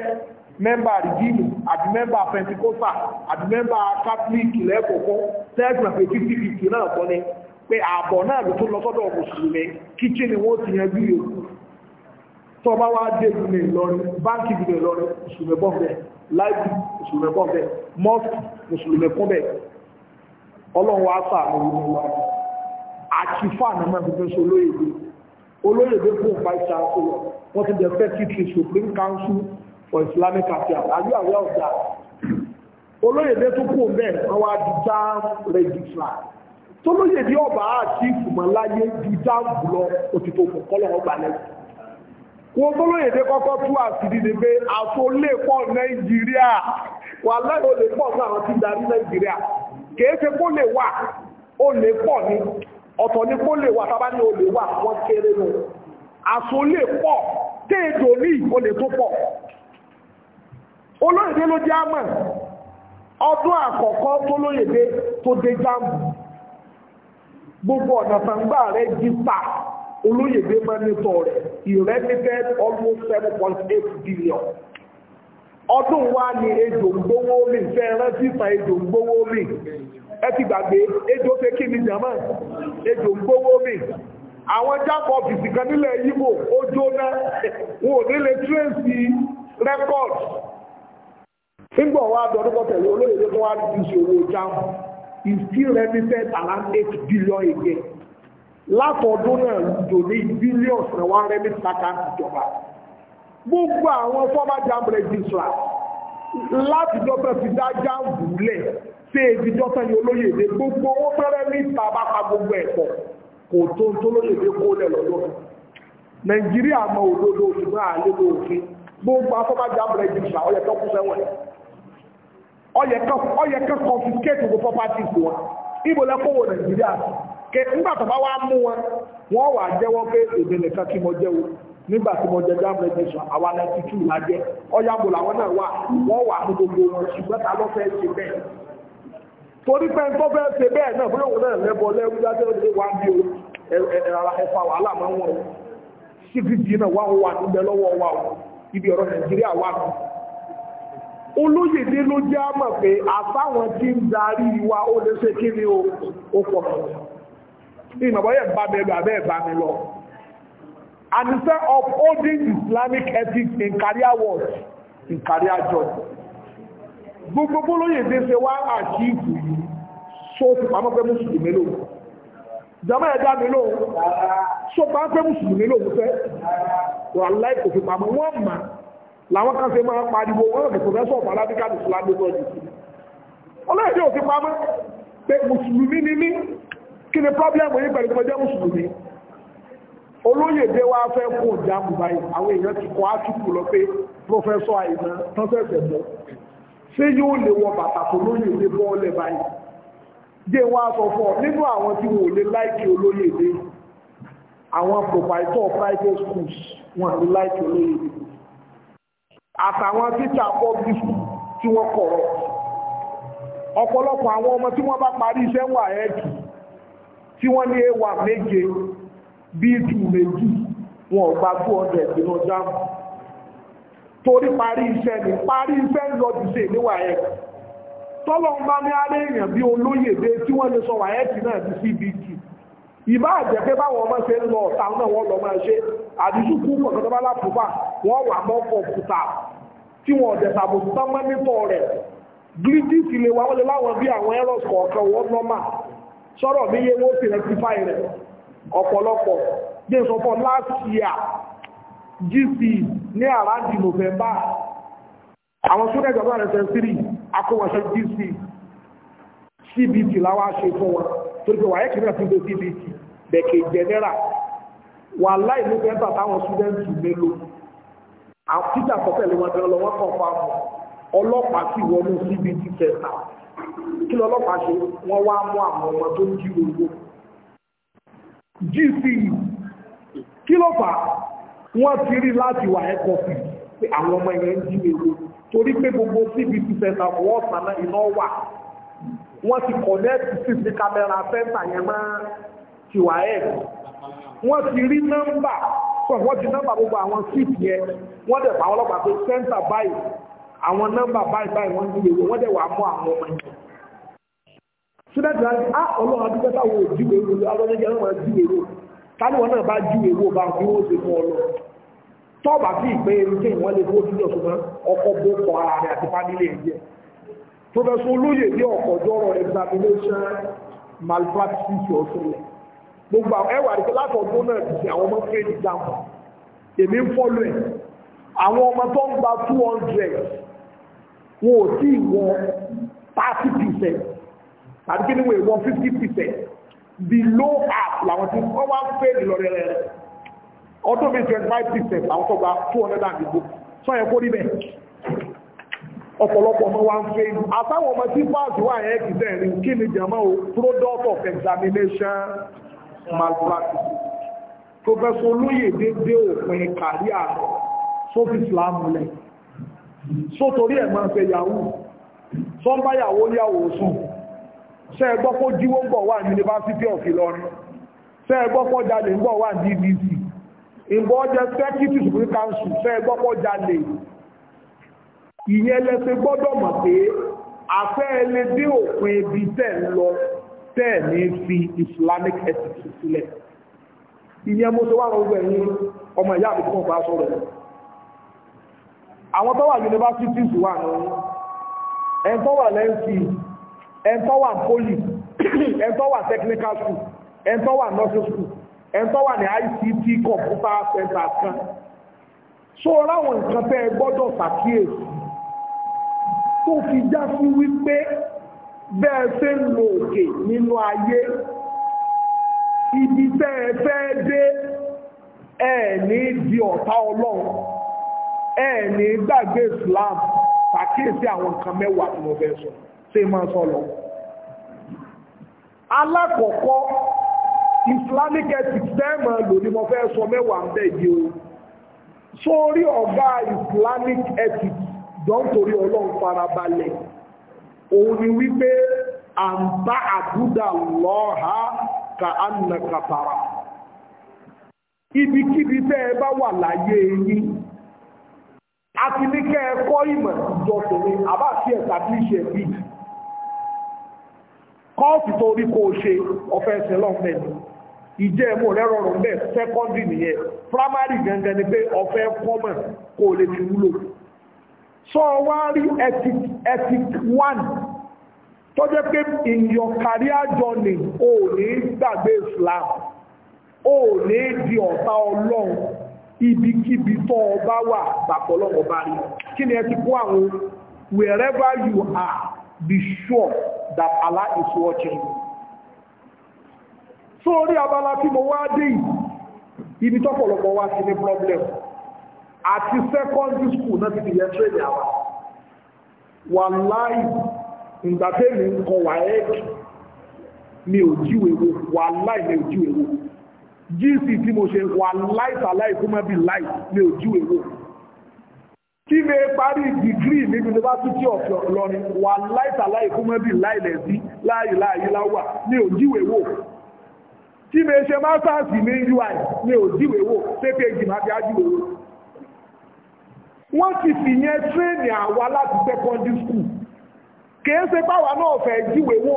mẹ́mbà rìdíìmù àbí mẹ́mbà pentikosa àbí mẹ́mbà catholic lẹ́ẹ̀kọ̀ọ̀kọ́ tẹ́ẹ̀gbọ̀n pé fifty fifty náà kọ́ ni pé ààbọ̀ náà ló tó lọ sọ́dọ̀ mùsùlùmí kíchìn ni wọ́n ti yan bí yòókù tó bá wá dé ìgbìmọ̀ ìlọrin báńkì ìgbìmọ̀ ìlọrin mùsùlùmí bọ́ bẹ́ẹ̀ láìpì mùsùlùmí bọ́ bẹ́ẹ̀ mọ́ọ̀sì mùsùlùmí kún bẹ́ẹ̀ ọlọ́run wá sà lórí wa àti fáànù náà ti fẹ́ sọ olóyèdè olóyèdè fún vice chancellor wọ́n ti jẹ́ fẹ́ kí ti supreme council for Islamic affairs are you aware of that olóyèdè tó kú bẹ́ẹ̀ wọ́n wá di jam registrar tolóyèdè ọba àti ìfùmọ̀láyé di jam lọ òtítọ́ òkùnkọ́lọ́ ọgbà lẹ́yìn wọ́n tolóyèdè kọ́kọ́ tú àṣírí ni pé àtò lè pọ̀ Nàìjíríà wà lẹ́yìn olè pọ̀ fún àwọn tí ń darí Nàìjíríà kìí ṣe kó lè wà olè pọ̀ ni ọ̀tọ̀ ni kó lè wà tábà ní olè wà wọ́n kéré nù àtò lè pọ̀ téèdò ní olè tó pọ̀ olóyèdè ló jẹ́ àmà ọdún àkọ́kọ́ tó lóyèdè tó dé jáàmù gbogbo ọ̀nà fàǹgbà rẹ̀ jí pa olóyèdè mẹ́nitọ̀ rẹ̀ ìrẹ́nifẹ́ almost seven point eight billion ọdún wa ni ejò ń gbówó mi fẹ́ rántí fa ejò ń gbówó mi ẹ ti gbàgbé ejò fẹ́ kí ni jàmá ejò ń gbówó mi àwọn jákọ̀ ọ̀fìsì kan nílẹ̀ yíbò ó jóná wọn ò ní lè rẹ́kọ̀dì nígbà wá dọdúkọ tẹ̀lé olóyè ló tó wá di ìṣòro jáwọn is still remitted around eight billion again látọdún náà dòní billions náà wá remit sáká ìjọba gbogbo àwọn fọ́mà jam registrar láti dọ́tọ̀ ti dá jam bùlẹ̀ sí ebi dọ́tọ̀ ní olóyè èdè gbogbo owó fẹ́rẹ́ ní ìta bá pa gbogbo ẹ̀kọ́ kò tó ń tó lóyè èdè kó lẹ̀ lọ́dọ̀ nàìjíríà mọ òdodo òṣùgbọ́n àlébò òfin gbogbo afọ́mà jam registrar ọ̀yẹ̀tọ́kùsẹ́wọ̀n ọyẹ kan confiscate gbogbo properties wọn ibo lẹ́kọ̀ọ́wọ̀ nàìjíríà kẹ nígbà bá wá mú wọn wọ́n wà jẹ́wọ́ pé èdè nìkan tí mo jẹ́wọ́ nígbà nígbàtí mo jẹ jam revolution àwa ninety two la jẹ làwọn náà wà wọ́n wà ní gbogbo wọn ṣùgbọ́n ta ló fẹ́ ṣe bẹ́ẹ̀ torí pé tó fẹ́ ṣe wà wà níbẹ̀ olóyèdè ló jẹ́ àmọ̀ pé àfáwọn tí ń darí wa ó lè ṣe kí ni ó pọ̀ ìmọ̀bọ̀yẹ̀ bá mi àbẹ́ bá mi lọ and instead of holding Islamic ethics in career wars in career job gbogbo olóyèdè ṣe wá àti ìbù yìí sóòtù pamọ́ pé mùsùlùmí lò jọmọ ẹ̀dá mi lò sóòtù pamọ́ pé mùsùlùmí lò fẹ́ wà láì kò fi pamọ́ wọ́n máa làwọn kan ṣe máa pariwo wọ́n lè professor of arabical islamic studies ọlọ́ọ̀dẹ́ ò ti pamọ́ pé mùsùlùmí ni mí kí ni problem yìí pẹ̀lú pẹ̀jẹ́ mùsùlùmí olóyè dé wá fẹ́ kó jáàmù báyìí àwọn èèyàn ti kọ́ átùkù lọ pé professor àìmọ́ tán fẹ́fẹ́ mọ́ ṣé yóò lè wọ bàtà tó lóyè dé bọ́ọ̀lẹ̀ báyìí dé wá sọ fún ọ nínú àwọn tí wọn ò lè láìkí olóyè dé àwọn proprietor private schools wọn àti láìkí olóyè dé àtàwọn títà public tí wọ́n kọ̀rọ̀ ọ̀pọ̀lọpọ̀ àwọn ọmọ tí wọ́n bá parí iṣẹ́ wà ẹ́ẹ̀kì tí wọ́n ní ẹwà méje bíìtù méjì wọn ò gba 200 nínú jáàmù torí parí iṣẹ́ ni parí iṣẹ́ ń lọ dìde níwà ẹ́ẹ̀kì tọ́lọ́ ń bá ní ìbá àjẹ́ pé báwọn ọmọ ṣe ń lọ ọ̀tá náà wọ́n lọ máa ṣe àdìsúkú kọ̀tọ́tọ́bá lápùpà wọ́n wà mọ́ kọ̀ǹpútà tí wọ́n ọ̀dẹ̀ tàbùkù tán mọ́ nítọ̀ rẹ̀ gírídì sì lè wá wọ́n lè láwọn bí àwọn errors kọ̀ọ̀kan wọ́n nọ́mà sọ̀rọ̀ mi yé wọ́n sì rectify rẹ̀ ọ̀pọ̀lọpọ̀ dé sọ fún last year gc ní àràǹdì November àwọn students of rss 3 akọwọ̀ṣẹ́ gc cbt láwá ṣe fún wọn torí pé wàá ẹ̀kìrì àti ìgbé cbt bẹ̀kẹ̀ general wà láì ní pẹ́ntà táwọn students mélòó àtúntà sọ́tẹ̀lé wọn dẹ̀rọ lọ́wọ́ kan fún àwọn ọlọ́pàá sì wọnú CBT center kí lọ́lọ́pàá ṣe wọ́n wá mú àwọn ọmọ tó ń jí owó gc kí ló fà wọ́n ti rí láti wà ẹ̀kọ́ fi pé àwọn ọmọ yẹn ń jí owó torí pé gbogbo CBT center wọ́n sànà iná wà wọ́n ti tiwa ẹ̀ wọ́n ti rí nọ́mbà wọ́n ti nọ́mbà gbogbo àwọn síìtì yẹn wọ́n dẹ̀ pa àwọn ọlọ́pàá pé sẹ́ńtà báyìí àwọn nọ́mbà báyìí báyìí wọ́n ti lè wọ́n dẹ̀ wà mọ́ àwọn ọmọ yẹn sílẹ̀tì láti á ọlọ́run adúgbò táwọn òjúwe ro alọ́run jẹ́ ọlọ́run júwe ro táwọn náà bá júwe ro bá fi wọ́n ṣe fún ọ lọ tọ́ọ̀bà sí ìpé irúgbìn wọn lè fún ojúlọ̀ ṣùgbọ́n ọkọ̀ bó kọ ara rẹ̀ àti fámílì ẹ̀ jẹ́ professor olóyè ní ọ̀pọ̀ jọ́rọ̀ examination malpractice ọ̀sùn lẹ̀ gbogbo àwọn ẹwà àdìsẹ́ látọ̀dún náà ti ṣe àwọn ọmọ trade exam èmi ń fọ́lọ́ ẹ̀ àwọn ọmọ tó ń gba two hundred wọn ò tí ì wọ thirty percent tàbí kí ni wọ́n èèwọ̀ fifty percent below half làwọn tí wọ́n wá ń fẹ́ ìlọ rẹ̀ rẹ̀ ọdún mi twenty five percent àwọn tó gba two hundred and fifty. sọ yẹ kó rí bẹ́ẹ̀ ọ̀pọ̀lọpọ̀ ọmọ wa ń fẹ́ ìlú àtàwọn ọmọ tí fáàsì wà yẹn kì í kí ni jàmọ́ o product of examination malpractice professor olóyèdé dé òpin kàrí àrẹ sófì ìsìlámùlẹ̀ sótorí ẹ̀mọ́ ṣe yahoo sọ́mbáyàwó yàwó sùn sẹ́ẹ̀gbọ́pọ̀ jíwó ń bọ̀ wà ní University of Ìlọrin sẹ́ẹ̀gbọ́pọ̀ jalè ń bọ̀ wà ní BBC ìgbọ́ jẹ́ secretary supreme council sẹ́ẹ̀gbọ́pọ̀ jalè ìyẹn lẹ́sẹ̀ gbọ́dọ̀ mọ̀ pé àfẹ́ ẹlẹ́dẹ́ òpin ibi tẹ̀ ń lọ tẹ́ẹ̀ ní fi islamic ethics sílẹ̀ ìyẹn mo tó wà lọ́wọ́ ẹ̀yìn ọmọ ìyá àbí fún ọba sọ̀rọ̀ ẹ̀ àwọn tó wà universities wà ní ẹn tó wà lẹ́ǹsì ẹn tó wà poly <clears throat> ẹn tó wà technical school ẹn tó wà nursing school ẹn tó wà ní ICT computer center kan so láwọn nǹkan tẹ́ ẹ gbọ́dọ̀ ṣàkíyèsí tó fi já sí wípé bẹ́ẹ̀ ṣe ń lo òkè nínú ayé ibi tẹ́ ẹ fẹ́ dé ẹ ní di ọ̀tá ọlọ́run ẹ ní gbàgbé Islam pàkíyèsí àwọn nǹkan mẹ́wàá tí mo fẹ́ sọ ṣé máa sọ lọ. alákọ̀ọ́kọ́ Islamic ethics dẹ́ẹ̀mọ̀ lò ní mo fẹ́ sọ mẹ́wàá ń bẹ̀ yìí o sórí ọ̀gá Islamic ethics jọ ọlọ́run farabalẹ̀ òun ni wípé àǹbá àbúdà lọ́ha ka anna kàtàrà ibikíbi tẹ́ ẹ bá wà láyé yín a ti ní kẹ́ ẹ kọ́ ìmọ̀ ìjọsìn ni àbá sí ẹ̀ tàbí ìṣe bí kọ́ọ̀sì tó rí kó o ṣe ọ̀fẹ́ ẹsẹ̀ lọ́fẹ́ ni ìjẹ́ ẹ̀mú rẹ rọrùn bẹ́ẹ̀ sẹ́kọ́ndì nìyẹn primary gangan ni pé ọ̀fẹ́ kọ́mọ̀ kó lè fi wúlò so wá rí ethic ethic one tó jẹ́ pé in your career journey o ní gbàgbé Islam o ní di ọ̀tá Ọlọ́run ibikíbi tó o bá wà gbàpọ̀ lọ́wọ́ bá rí kí ni ethic one wherever you are be sure that Allah is watching you sórí abala tí mo wá dé yìí ibi tọ́pọ̀lọpọ̀ wá sí ní problem àti secondary school náà ti fi yẹ tírẹ̀nì àwọn wàláì ìgbàtẹ́mi ń kọ wáyẹ́ẹ̀kì mi ò jíwèé wo wàláì mi ò jíwèé wo gc tí mo ṣe wàláì tàláì kó má bí láì mi ò jíwèé wo kí mi parí dìgírì ní yunifásitì ọ̀fẹ́ ọlọ́rin wàláì tàláì kó má bí láì lẹ́sí láàyè láàyè láwà mi ò jíwèé wo tí mi ṣe masters ní ui mi ò jíwèé wo pépé jì má fi ájúwèé wo wọ́n ti fìyẹn tírèèdì àwa láti secondary school kìí ṣe báwa náà fẹ́ jíwé wò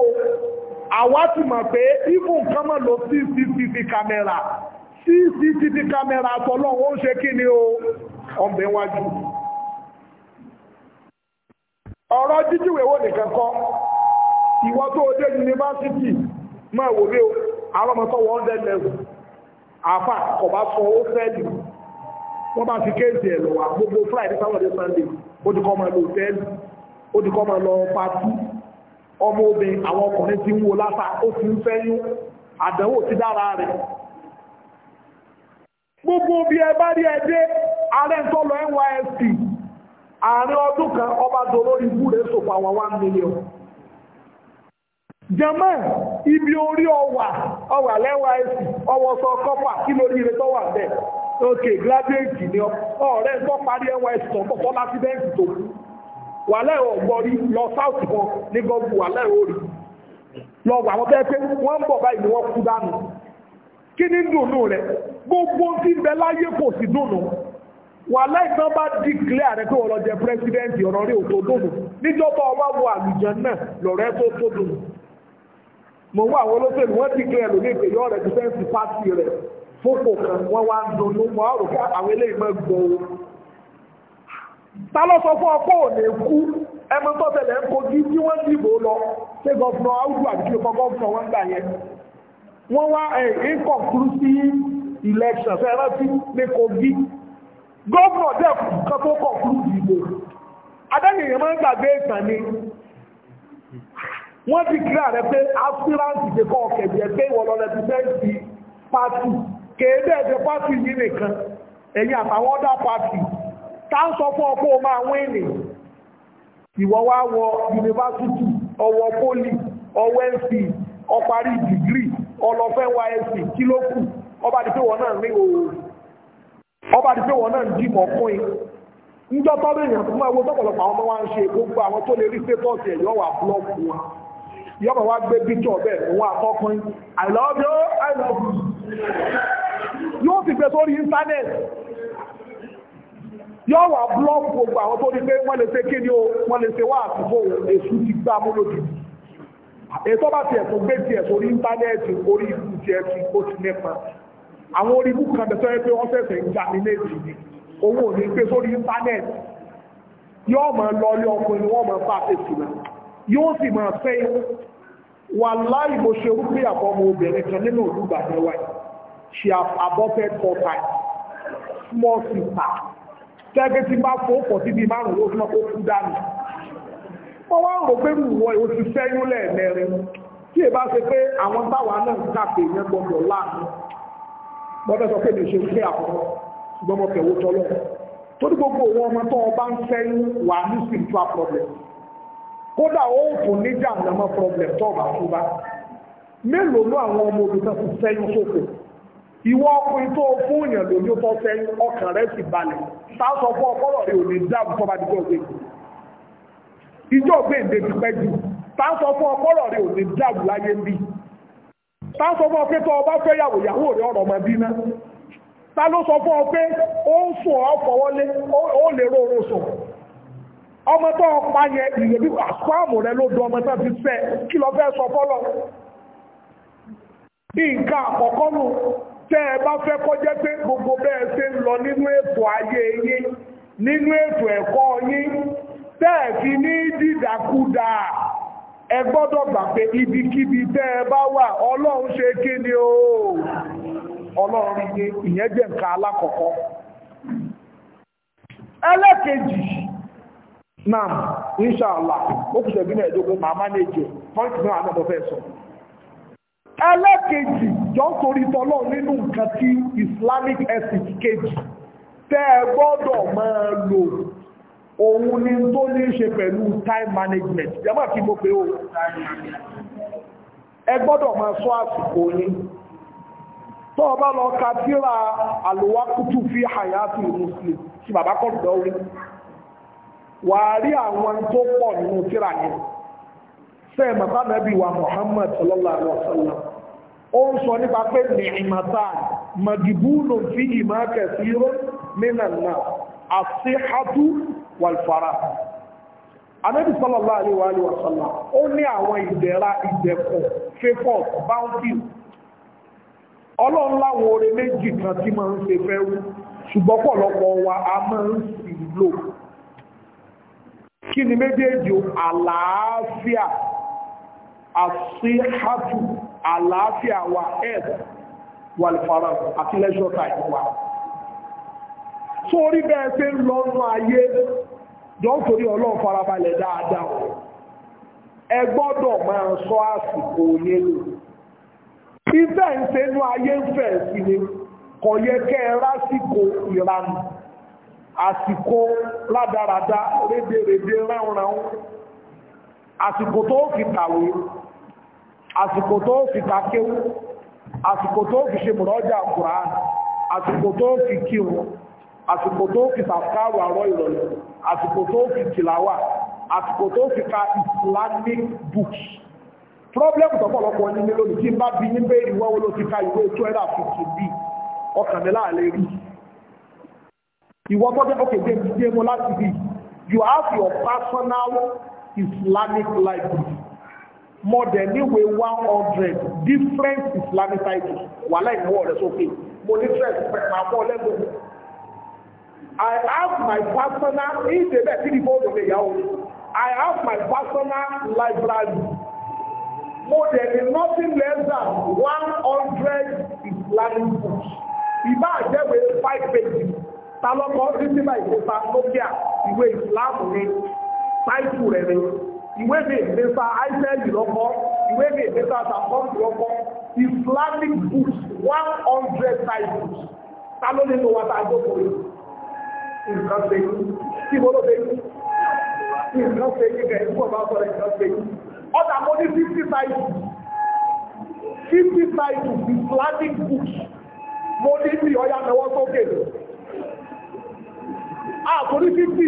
àwa ti mọ̀ pé even nǹkan mọ̀ lọ CCTV camera CCTV camera tọ́lọ́hún ó ṣe kí ni o ọ̀bẹ̀ wájú ọ̀rọ̀ jíjíwé wò nìkan kọ́ ìwọ tó dé yunifásitì máa wò rí o àwọn ọmọ tó wọ́n dẹ́ lẹ́wọ̀ àfà kò bá sọ ó fẹ́ lù wọ́n bá fi kéèsì ẹ̀ lọ́wọ́ gbogbo friday saturday sunday ó ti kọ́ máa lọ hòtẹ́ẹ̀lì ó ti kọ́ máa lọ patí ọmọ obìnrin àwọn ọkùnrin ti ń wo lásà ó ti ń fẹ́yún àdánwò ti dára rẹ̀ gbogbo bí ẹ bá rí ẹdẹ ààrẹ ń tọ́lọ nysc ààrin ọdún kan ọba dolórí búrẹ́ sòpọ̀ àwọn one million jama ibi orí ọwà ọwà lẹ́wà ẹ̀sìn ọwọ́ sọ kọ́pà kí lórí ire tó wà bẹ́ẹ̀ ok graduate ni ọ̀rẹ́ tó parí nys tó tọ́ láti bẹ́ǹkì tó kú wà lẹ́wọ̀ gbọ́rí lọ south kan ní gọ́ọ̀bù wà lẹ́wọ̀ rí lọ wà wọ́n tẹ́ pé wọ́n ń bọ̀ báyìí ni wọ́n kú dànù kí ni dùnú rẹ̀ gbogbo tí ń bẹ láyé kò sí dùnú wà lẹ́gbọ́n bá declare rẹ̀ pé wọ́n lọ jẹ president ọ̀rọ̀ rí òtó dùnú níjọba ọba wo àlùjọ náà lọ̀rẹ́ tó tó dùnú mo wá àwọn olóṣèlú wọ́n declare lónìí pé yọ rẹ̀ defense party rẹ̀ fókò kan wọ́n wá ń donú mọ́ ọ̀rọ̀ kí àwọn ilé ìmọ̀ gbọ́ o ta ló sọ fún ọkọ̀ òní kú ẹmọ tó bẹ̀rẹ̀ ń kojú tí wọ́n dìbò lọ ṣé gọ́fúnà áwùjọ àti ọkọ̀ gọ́fúnà wọn gbà yẹn wọ́n wá inconclusive election fẹ́ rántí ní Kogi gọ́fúnà dẹ̀ kan tó conclude ìbò adẹ́nìyàn máa ń gbàgbé ìtàn ni wọ́n ti kíra rẹ pé aspirant ìdẹ́kọ̀ kẹ̀jẹ̀ pé ìwọ̀lọ́lẹ̀ ti fẹ́ ti pátì kéèdè ẹ̀sẹ̀ pàtì yìí nìkan ẹ̀yìn àtàwọn ọ̀dà pàtì tá ń sọ fún ọkọ̀ máa wọ́n èlè ìwọ wá wọ yunifásitì ọwọ́ pólì ọwọ́ ẹ̀sì ọparí dìgírì ọlọ́fẹ́ wa ẹ̀sì kí ló kù ọba di pé wọ́n náà ní òòrùn ọba di pé wọ́n náà ń dìmọ̀ fún yín níjọ́ tọ́lú èèyàn tó máa wo tọ́pọ̀lọpọ̀ àwọn ọmọ wa ń ṣe gbogbo àwọn tó lè rí sétọ́ọ̀sì ẹ̀ yọ́ wà búlọ́ọ̀kù wa yọ́ bàbá gbé bíjọ́ bẹ́ẹ̀ wọ́n atọ́kùnrin I love you I love you yóò sì gbé sórí íńtánẹ́ẹ̀tì yóò wà blọ́ọ̀kù gbogbo àwọn tó ní pé wọ́n lè ṣe kí ni o wọ́n lè ṣe wá àsìkò èṣù ti gbá mú lójú ètò bá tiẹ̀ tó gbé tiẹ̀ sórí íńtánẹ́ẹ̀tì orí ikú tiẹ̀ ti ó ti nípa àwọn orí ikú kan bẹ̀tọ́ pé wọ́n fẹ̀sẹ̀ ń jà nílé ìdìbò owó ní pé sórí íńtánẹ́ẹ̀tì yóò mọ̀ lọ ilé ọkùnrin wọ́n mọ̀ bá èsì náà yóò sì mọ̀ fẹ́ wà láì mo ṣe rúpìyà fọmọ obìnrin kan nínú òdúgbà níwáyìí she has aborted four times small sister tẹ́gẹ́ tí bá fún ọkọ̀ síbi márùn ún lóṣùmọ́ kó kú dànù wọ́n wá ń rò pé wùwọ́ ìwò ti sẹ́yún lẹ́ẹ̀mẹ́rin tí è bá ṣe pé àwọn táwa náà ń kàpè yẹn gbọdọ̀ láàánú gbọdọ̀ sọ pé mi ṣe pé àkọ́kọ́ ṣùgbọ́n mo kẹ̀wó tọ́lọ́ torí gbogbo òun ọmọ tó ọba ń sẹ́yún wà ní spiritual problem kódà ó tún ní jàǹdàmọ́ problem tó ọba tó bá mélòó ló àwọn ọmọ obìnrin tó ti sẹ́yún sókè ìwọ ọkùnrin tó fún èèyàn lóyún tó fẹ́ ọkàn rẹ̀ sì balẹ̀ sáàsọ fún ọpọlọ rẹ̀ ò lè dáàbò tó bá dìjọ́ ìjọ ti pẹ́ jù sáàsọ fún ọpọlọ rẹ̀ ò lè dáàbò láyé bí fún ọba fẹ́ yàwó rẹ̀ ọ̀rọ̀ ọmọ bí ta ló sọ fún ọ pé ọ fọwọ́lé ó lè ọmọ tó yẹn tẹ́ ẹ bá fẹ́ kọjá pé gbogbo bẹ́ẹ̀ ṣe ń lọ nínú ètò ayé yín nínú ètò ẹ̀kọ́ yín tẹ́ ẹ fi ní dídàkudà ẹ gbọ́dọ̀ gbà pé ibikíbi tẹ́ ẹ bá wà ọlọ́run ṣe kí ni o ọlọ́run yé ìyẹn jẹ́ nǹkan alákọ̀ọ́kọ́ ẹlẹ́kejì náà ó náà ẹlẹ́kejì jọ ń torí tọ́lọ́ nínú nǹkan tí islamic ethics kejì tẹ́ ẹ gbọ́dọ̀ máa lò òun ni tó ní ṣe pẹ̀lú time management jẹ́mọ́ kí mo pé o ẹ gbọ́dọ̀ máa sọ àsìkò ní tó ọba lọ ka tíra àlùwákútù fi hayati muslim tí bàbá kọ́ dọ́rí wà á rí àwọn tó pọ̀ nínú tíra yẹn sẹ́ẹ̀ mọ̀tánàbí wa Muhammad sallallahu alaihi wa sallam ó ń sọ nípa pé nìmọ̀tà màdìbúlò fi ìmọ̀ kẹsìrò mínàlá àṣíhátú wàlfàrà anábì sallallahu alaihi wa sallam ó ní àwọn ìdẹ̀ra ìdẹ̀kọ̀ favours bounty ọlọ́run láwọn oore méjì kan tí máa ń ṣe fẹ́ wú ṣùgbọ́n pọ̀lọpọ̀ wa a máa ń sì lò kí ni méjèèjì àlàáfíà àṣíhátú àlàáfíà wa ẹ̀ẹ́d wàlùfàrà àti lẹ́ṣọ́ táìmù wa sórí bẹ́ẹ̀ pé lọ́nà ayé jọ torí ọlọ́run farabalẹ̀ dáadáa ẹ gbọ́dọ̀ máa sọ àsìkò yẹn lò ìfẹ́ ń ṣe inú ayé ń fẹ́ sí ni kò yẹ kẹ́ ẹ rásìkò ìranù àsìkò rádaràda rédèrèdè ráhùnráhùn àsìkò tó fi kàwé àsìkò tó fi takéwú àsìkò tó fi ṣe mọ̀rọ́jà kùrán àsìkò tó fi kírun àsìkò tó fi tàkàrù àrọ ìrọ̀lẹ̀ àsìkò tó fi tìlàwà àsìkò tó fi ka islamic books problem tọ́pọ̀lọpọ̀ ní ní lónìí tí bá bí ní pé ìwọ́ wo ló ti ka ìwé tó ẹ̀rà tuntun bí ọkànlélà lè rí ìwọ́ tọ́jọ́ òkè dé ìdí mo láti bí you have your personal islamic library mo dẹ̀ níwèé one hundred different islamic titles wàhálà ìnáwó rẹ̀ sókè mo ní stress máa I have my personal ìdè bẹ́ẹ̀ kí ni fóònù mi yà I have my personal library More than nothing less than one hundred islamic books ìbá àjẹwé five pages ta lọ́kọ́ títí bá ìfipá nokia ìwé Islam ni táìpù rẹ̀ ni ìwé mẹ́ta àìsẹ́ẹ̀lì lọ́kọ́ ìwé mẹ́ta àtàkọ́ǹtì lọ́kọ́ Islamic books one hundred titles ta ló nínú wa ta jókòó yìí nǹkan ṣe yìí kí mo ló ṣe yìí nǹkan ṣe yìí kẹ̀ ẹ̀kọ́ bá sọ̀rọ̀ nǹkan ṣe yìí ọ̀dà mo ní fifty titles fifty titles Islamic books mo ní bí ọ̀yà mẹ́wọ́ sókè àkórí fifty.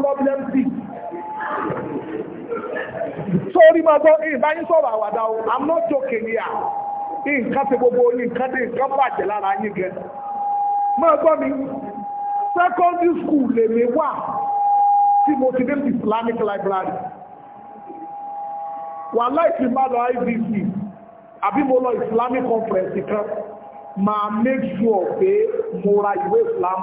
problem sí sórí máa gbọ́ ìbáyín sọ̀rọ̀ àwàdà o i'm not joking here nǹkan ti gbogbo ní nǹkan dé nǹkan bàjẹ́ lára yín gẹ máa gbọ́ mi secondary school lèmi wà tí mo ti dé islamic library wà láìsí má lọ ivc àbí mo lọ islamic conference kan máa make sure pé mo ra ìwé islam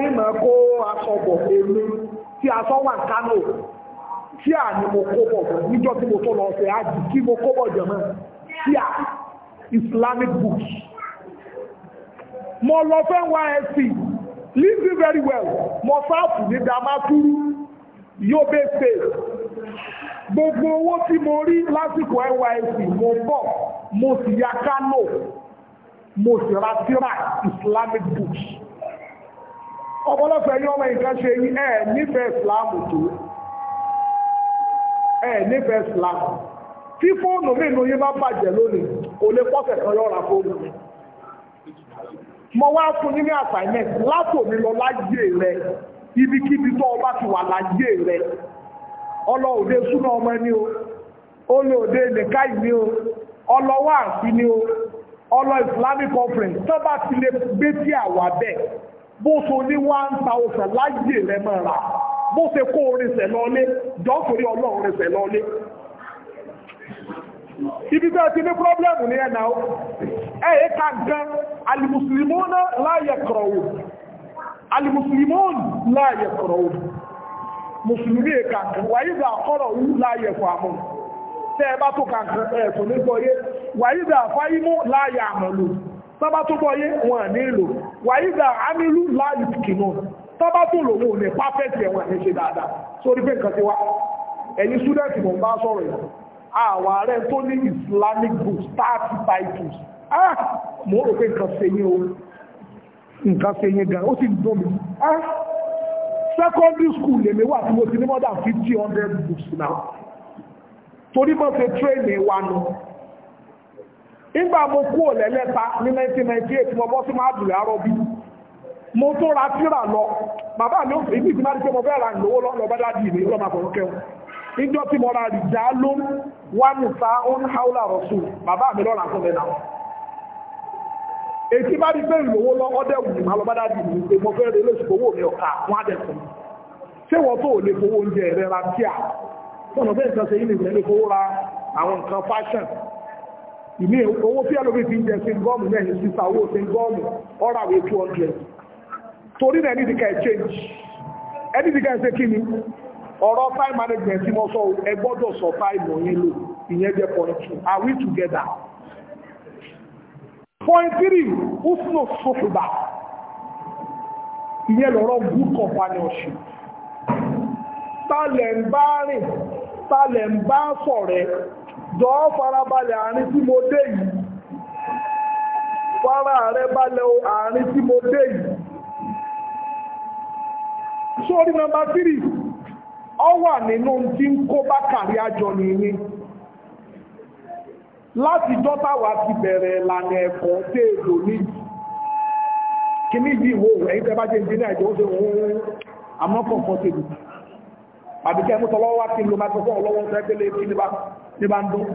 ìmọ̀ kó aṣọ bọ̀ èmi tí aṣọ wà kánò tí a ní mo kó bọ̀ níjọ́ tí mo tó lọ ṣe ájì kí mo kó bọ̀ jẹ̀mọ́ tí à Islamic books mo lọ fẹ́ nysc listen very well mo sáàpù ní Damaturu Yobe State gbogbo owó tí mo rí lásìkò nysc mo bọ̀ mo sì ya kánò mo sì ra síra Islamic books. ọ̀pọ̀lọpọ̀ ẹ̀yìn ọmọ nǹkan ṣe yí ẹ̀ nífẹ̀ẹ́ ìsìláàmù tó ẹ̀ nífẹ̀ẹ́ ìsìláàmù tí fóònù mi nù yín bá bàjẹ́ lónìí kò lè pọ́sẹ̀ kan fóònù mi mo wá fún yín ní assignment látòmí lọ láyé rẹ ibikíbi tó o bá ti wà láyé rẹ ọlọ òde súná ọmọ ni o olè òde nìkáì ni o ọlọ wáàsí ni o ọlọ Islamic conference tó bá ti lè gbé àwa bó ṣe ní one thousand láyé rẹ̀ máa rà bó ṣe kó orin sẹ̀ lọ́lé jọ́sùrí ọlọ́run rẹ̀ sẹ̀ lọ́lé ibi bẹ́ẹ̀ ti ní pírọ́blẹ́mù ní ẹ̀nà ká gan musulumi kan kọ̀rọ̀ fún tẹ́ ẹ bá tó kankan yé tọ́bá tó bọ́yé wọn nílò wàyígbà amílù láàyè kìnnà tọ́bá tó lò wọn ò ní pápẹ́tì ẹ̀wọ̀n ní ṣe dáadáa sórí pé nǹkan ti wá ẹ̀yin student mọ̀ bá sọ̀rọ̀ yìí àwọn ààrẹ tó ní Islamic books thirty titles ah mo rò pé nǹkan ṣe yín o nǹkan ṣe yín gan ó sì dùn mí ah secondary school lèmi wà tí mo ti ní more than fifty hundred books now torí mo ṣe train wa nù. No nígbà mo kú òlẹ́lẹ́ta ní 1998 mo bọ́ sí máa dùn àárọ̀ bí mo tó ra tíra lọ bàbá mi ó fi ibi ìgbìmọ̀ àdìsẹ́ mo fẹ́ ra ìlówó lọ́nà bá dáàdì ìlú ìlọ́mà àkọ́kọ́ kẹwọn tí mo ra rìjà ló wà ní sa on haula rọ̀sù bàbá mi lọ́ra fún mi náà èyí bá rí pé ìlówó lọ ọdẹ wù ní màlọ́ bá dáàdì ìlú pé mo fẹ́ rí lóṣù owó mi ọ̀ka wọn á dẹ̀kùn ṣé fashion ìmí owó tí ẹlòmí fi ń jẹ sí gọ́ọ̀mù mẹ́rin sísá owó sí gọ́ọ̀mù ọ̀ràwé 200 torí náà ẹni dìkà exchange ẹni dìkà ẹsẹ̀ kí ni ọ̀rọ̀ time management tí mo sọ ẹ gbọ́dọ̀ sọ fáìmù yín lò ìyẹn jẹ́ point are we together point three usno sokuba ìyẹn lọ́rọ̀ good companionship talẹ̀ ń bá rìn talẹ̀ ń fara farabalẹ̀ àárín tí mo dé yìí fara rẹ balẹ̀ àárín tí mo dé yìí sórí nọmba tírì ọ wà nínú tí ń kó bá kàrí ajọ nìyí láti jọ́tàwà ti bẹ̀rẹ̀ ìlànà ẹ̀kọ́ tí èdò ní kìíní ní jẹ́ ìdí ìjọ́ àbíkẹ́ mú tọwọ́ wá kí n lo microphone lọ́wọ́ tó ẹgbẹ́ lè kí ní bá ń dún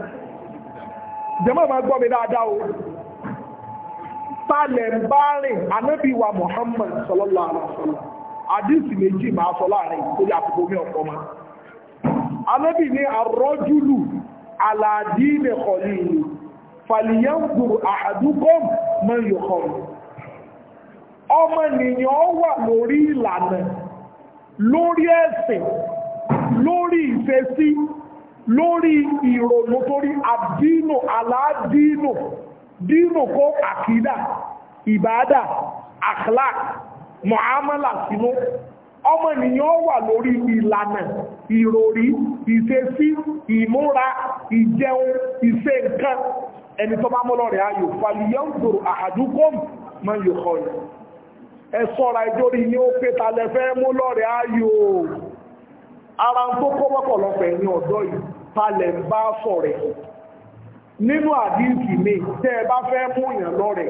jẹmọ́ ma gbọ́ mi dáadáa o palẹ̀ ń bá rìn anábì wa Muhammad sallallahu alaihi wasallam àdìsí méjì máa sọ láàrin torí àkókò mi ọ̀pọ̀ ma anábì ní arọ́júlù aláàdínì kọ̀lì fàlìyàngbùrù ahadukum man yuqam ọmọ nìyàn wà lórí ìlànà lórí ẹ̀sìn lórí ìfẹ́sí lórí ìrònú torí àdínù aládínù dínù kó àkídà ìbádà akhlaq muamala sínú ọmọ ènìyàn wà lórí ìlànà ìròrí ìfẹ́sí ìmúra ìjẹun ìṣe nǹkan ẹni tó bá mọ́lọ rẹ̀ ayò fàlìyànzòrò àhàdúkọ́m ma yóò kọ́ ẹ̀ sọ́ra ìjórí ní ó pẹ́ta lẹ́fẹ́ mọ́lọ rẹ̀ ayò ara tó kọ́ mọ́pọ̀lọpọ̀ ẹ̀yìn ọ̀dọ́ yìí palẹ̀ ń bá fọ̀ rẹ̀ nínú àdíìsì mi tẹ́ ẹ bá fẹ́ mú yàn lọ́rẹ̀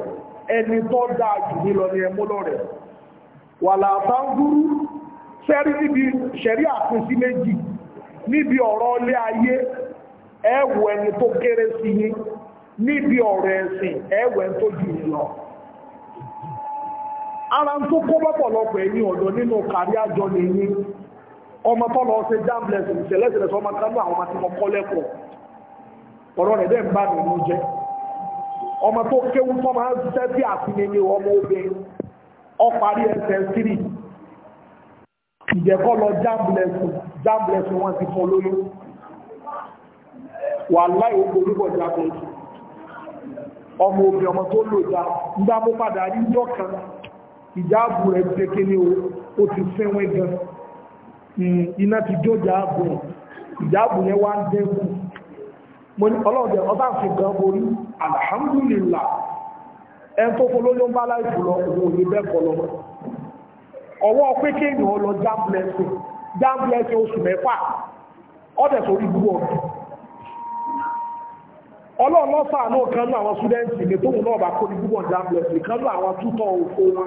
ẹni tó dáa jù ní lọ ni ẹ mú lọ́rẹ̀ wà láàtàn gúrú sẹ́rí níbi ṣẹ̀rí àpín sí méjì níbi ọ̀rọ̀ ilé ayé ẹ wo ẹni tó kéré sí yín níbi ọ̀rọ̀ ẹ̀sìn ẹ ẹni tó jù yín lọ ara tó kọ́ mọ́pọ̀lọpọ̀ ẹ̀yìn ọ̀dọ́ nínú kàrí àjọ nìyí ọmọ tọ́lọ ọ̀sẹ̀ jambles ìṣẹ̀lẹ́sẹ̀lẹ̀ ọmọ kanú àwọn ọmọ tí lẹ́kọ̀ọ́ ọ̀rọ̀ rẹ̀ dẹ́ ń bá jẹ́ ọmọ tó kéwú tó máa ń ṣiṣẹ́ ọmọ obìnrin ọparí ẹsẹ̀ sírì ìjẹ́kọ́ lọ jambles jambles wọn ti lóyún wà láì ogun olúbọ̀ ọmọ obìnrin ọmọ tó lò já mú padà kan ìjáàbù rẹ̀ ti iná ti jó jáàbù ẹ̀ ìjáàbù yẹn wá ń dẹ́kù ọlọ́ọ̀dẹ̀ ọba fi gan borí alhamdulillah ẹn tó fún lóyún bá lọ òun ò ní bẹ́ẹ̀kọ́ lọ ọwọ́ pé kéèyàn lọ jáàbùlẹ́sì jáàbùlẹ́sì oṣù mẹ́fà ọdẹ̀ sórí gbogbo ọ̀dọ̀ ọlọ́ọ̀lọ́sà náà kan àwọn mi tóun náà bá kó ní kan àwọn wọn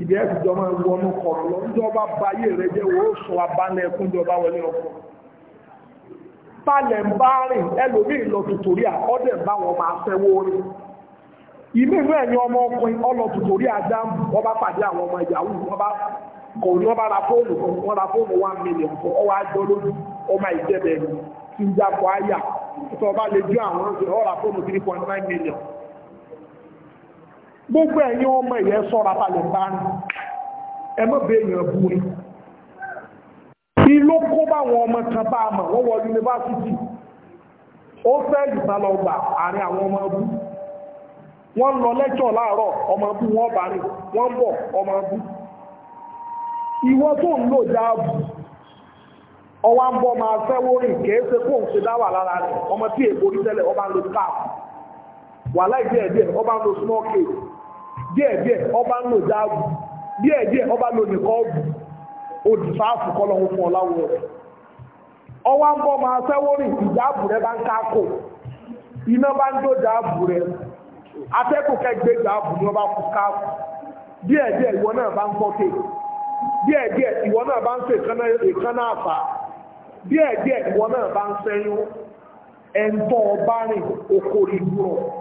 ìdí ẹ̀sìn jọ máa wọnú kọ̀ọ̀rọ̀ lọ níjọba báyé rẹ jẹ́ wo sọ abánlẹ̀ ẹkún jọba wọlé ọkọ̀ palẹ̀ ń bá rìn ẹlòmíì lọ tùtòrí àkọ́dẹ̀ bá wọn máa fẹ́wọ́ rìn ìmí ìlú ẹ̀yìn ọmọ ọkùnrin ọlọ tùtòrí ajá wọn bá pàdé àwọn ọmọ ìyàwó wọn bá kò ní wọn bá ra fóònù kan wọn ra fóònù one million kan ọwọ́ ajọ́ lójú ọmọ ìjẹ́bẹ̀ẹ́ tí ń jákọ̀ áyà tó bá le ju àwọn ọ̀rà fóònù three point gbogbo ẹ̀yin ọmọ ìyẹn sọ́ra balẹ̀ bá ń ẹ mọ́ bẹ́ẹ̀ yẹn bú ni ìlú ọmọ kan bá a mọ̀ wọ́n wọ yunifásitì ó fẹ́ ìbálọ̀gbà àárín àwọn ọmọ ẹbú wọ́n lọ lẹ́jọ́ láàárọ̀ ọmọ ẹbú wọn bá rìn wọ́n bọ̀ ọmọ ẹbú ìwọ tó ń lò ọwọ́ máa fẹ́ wórìn wàláì díẹ̀ díẹ̀ ọba ń lo ọba ń ọba ń nìkan ọ̀bù òdìfáàfù kọlọ́hún fún ọláwọ̀ rẹ̀ ọwọ́ ń bọ́ máa sẹ́wọ́rì ìjáàbù rẹ̀ bá ń iná bá ń rẹ̀ kẹgbẹ́ ni wọ́n bá díẹ̀ díẹ̀ ìwọ náà bá ń fọ́kè díẹ̀ díẹ̀ ìwọ náà bá ń fẹ́ náà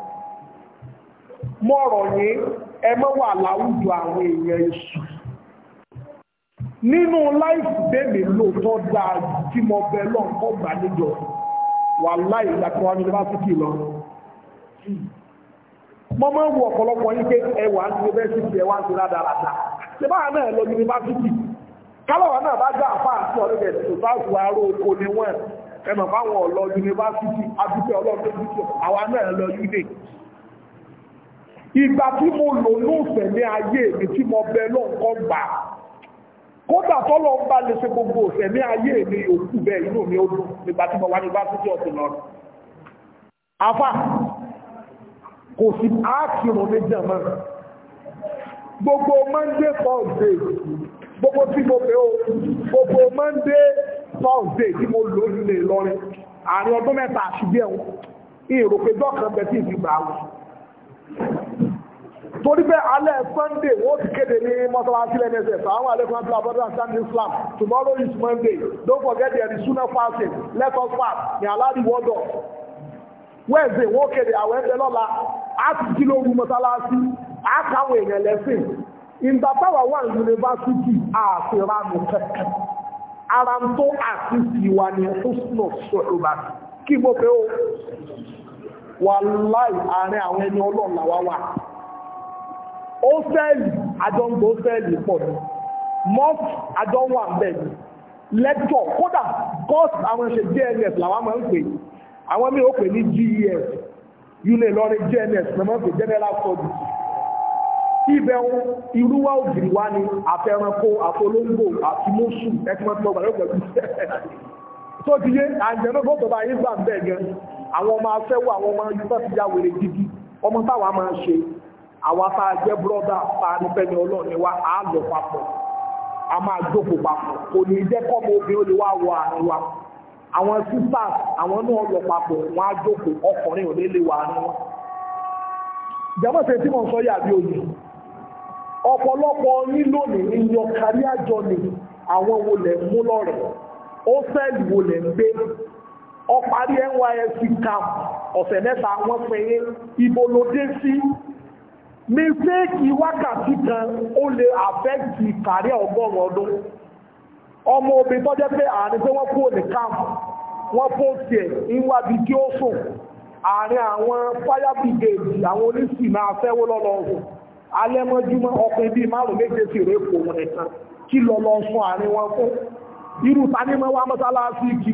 mọ́rọ̀ yín ẹ mọ́ wà láwùjọ àwọn èèyàn èṣù nínú láìsí bẹ́ẹ̀mì lóòótọ́ dáa tí mo bẹ lọ́nkọ́ gbà níjọ wà láì ìdàkọ̀ yunifásitì lọ mo máa ń wo ọ̀pọ̀lọpọ̀ yín pé ẹwà ń ti yunifásitì ẹwà ń ti rádaràdà ṣe báwa náà lọ yunifásitì kálọ̀wà náà bá já àpá àti ọ̀rẹ́gẹ̀ tó bá wù aró oko ni wọ́n ẹ̀mọ̀ fáwọn ọ̀lọ́ yunifásitì adúgbò ọlọ́dún àwọn náà lọ yúdè ìgbà tí mo lò lóòfẹ̀ ní ayé mi tí mo bẹ lọ́nkọ́ gbà kódà tọ́lọ́ ń bá lè ṣe gbogbo òfẹ̀ ní ayé mi òkú bẹ́ẹ̀ inú mi ó dùn nígbà tí mo wá ní fásitì ọ̀sìn lọ. afa kò sí áàkìrùn ní jẹ̀mọ́ gbogbo Monday Thursday gbogbo tí mo fẹ́ o gbogbo Monday Thursday tí mo lò nílé Ìlọrin àárín ọdún mẹ́ta àṣìbí ẹ̀wọ̀n ìròpéjọ́ kan bẹ sí ìdìbò àwọn. torí pé alẹ́ sunday wọ́n ti kéde ní mọ́sálásí lẹ́nẹsẹ̀ àwọn àlékún àti abọ́dá stand islam tomorrow is monday don't forget there is sunnah fasting let us fast ní aládìwọ́dọ̀ wednesday wọ́n kéde àwọn ẹgbẹ́ lọ́la á ti kí lóru mọ́sálásí á káwọn èèyàn lẹ́sìn ìgbà táwa wà ní yunifásitì àfihànù kẹ̀kẹ́ ara ń tó àti ìwà ní húsnù sọ̀rọ̀bà kí wà láì àárín àwọn ẹni ọlọ́ọ̀lá wà. hósẹ́ẹ̀lì àjọǹgbò hósẹ́ẹ̀lì pọ̀ ní mọ́ọ̀sì àjọǹwò àbẹ̀lì lẹ́tọ̀ kódà gọ́ọ̀sì àwọn ṣe JNS làwọn máa ń pè àwọn mí ó pè ní GES yúlẹ̀ lọ́rin JNS lọ́mọ́ pè general studies ibẹ̀ irúwá ògiri wá ní àfẹ́ranko àfọlóńgbò àti mọ́ṣù ẹgbẹ́mọ́tọ́gbà yóò pẹ̀lú tó ti yé àjẹ́nàgbọ́ tó bá yín gbà bẹ́ẹ̀ gan àwọn ọmọ afẹ́wọ́ àwọn ọmọ yúfẹ́ ti já wèrè gidi ọmọ táwa máa ṣe àwa tá a jẹ́ brọ́dà tá a nífẹ̀ẹ́ ní ọlọ́run ni wá á lọ papọ̀ a máa jókòó papọ̀ kò ní jẹ́ kọ́mọ obìnrin ó lè wọ àárín wa àwọn sisters àwọn náà lọ papọ̀ wọn á jókòó ọkùnrin ò ní lè wà àárín wọn. jẹ́mọ̀sẹ̀ tí mo sọ yà bí òye ọ̀pọ̀lọpọ̀ yín ní yan kárí àjọ ni àwọn wo lẹ̀ mú lọ́rẹ̀ ó sẹ́ẹ̀lì wo lẹ̀ ń gbé ọparí NYSC camp ọ̀sẹ̀ mẹ́ta wọ́n pè é ibo ló dé sí mistake wákàtí kan ó lè affect kàrí ọgọ́rùn ọdún ọmọ obìnrin tó jẹ́ pé àárín pé wọ́n kúrò ní camp wọ́n post ẹ̀ níwájú kí ó sùn àárín àwọn fire brigade àwọn oníṣì máa fẹ́wó lọ́lọ́sùn alẹ́mọ́júmọ́ ọkùnrin bíi márùn méje sì rèé kò wọn ẹ̀sán kí lọ́lọ́sùn àárín wọn fún irú tanímọ́ wa mọ́sálásí kìí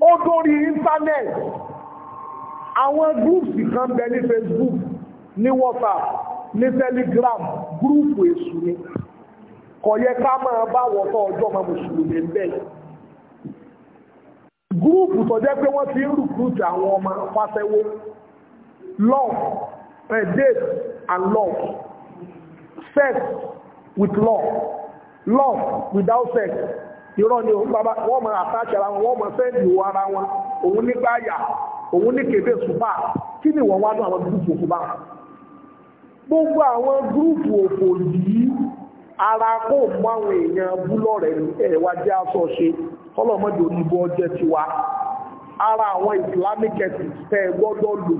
ó dórí internet, àwọn gúrùpù kan bẹ ní facebook ní whatsapp ní telegram gúrùpù èṣù ni kò yẹ ká máa bá wọ́tọ̀ ọjọ́ ọmọ mùsùlùmí bẹ́ẹ̀ gúrùpù tó jẹ́ pé wọ́n ti ń rùkúrùtù àwọn ọmọ fáṣẹ́wó love eh, date and love sex with love love without sex irọ́ ni òun bàbá wọ́n mọ àtàkì ara wọn wọ́n mọ fẹ́ẹ̀dì wo ara wọn òun nígbà yà òun ní kébé sùpà kí ni wọ́n wá ní àwọn gúrùpù òfò bá gbogbo àwọn gúrùpù òfò yìí ara kó mú àwọn èèyàn búlọ̀rẹ̀ ẹ̀wà jẹ́ aṣọ ṣe kọ́lọ̀mọ́dé oníbó ọjẹ́ tiwa ara àwọn islamic ethics tẹ́ ẹ gbọ́dọ̀ lò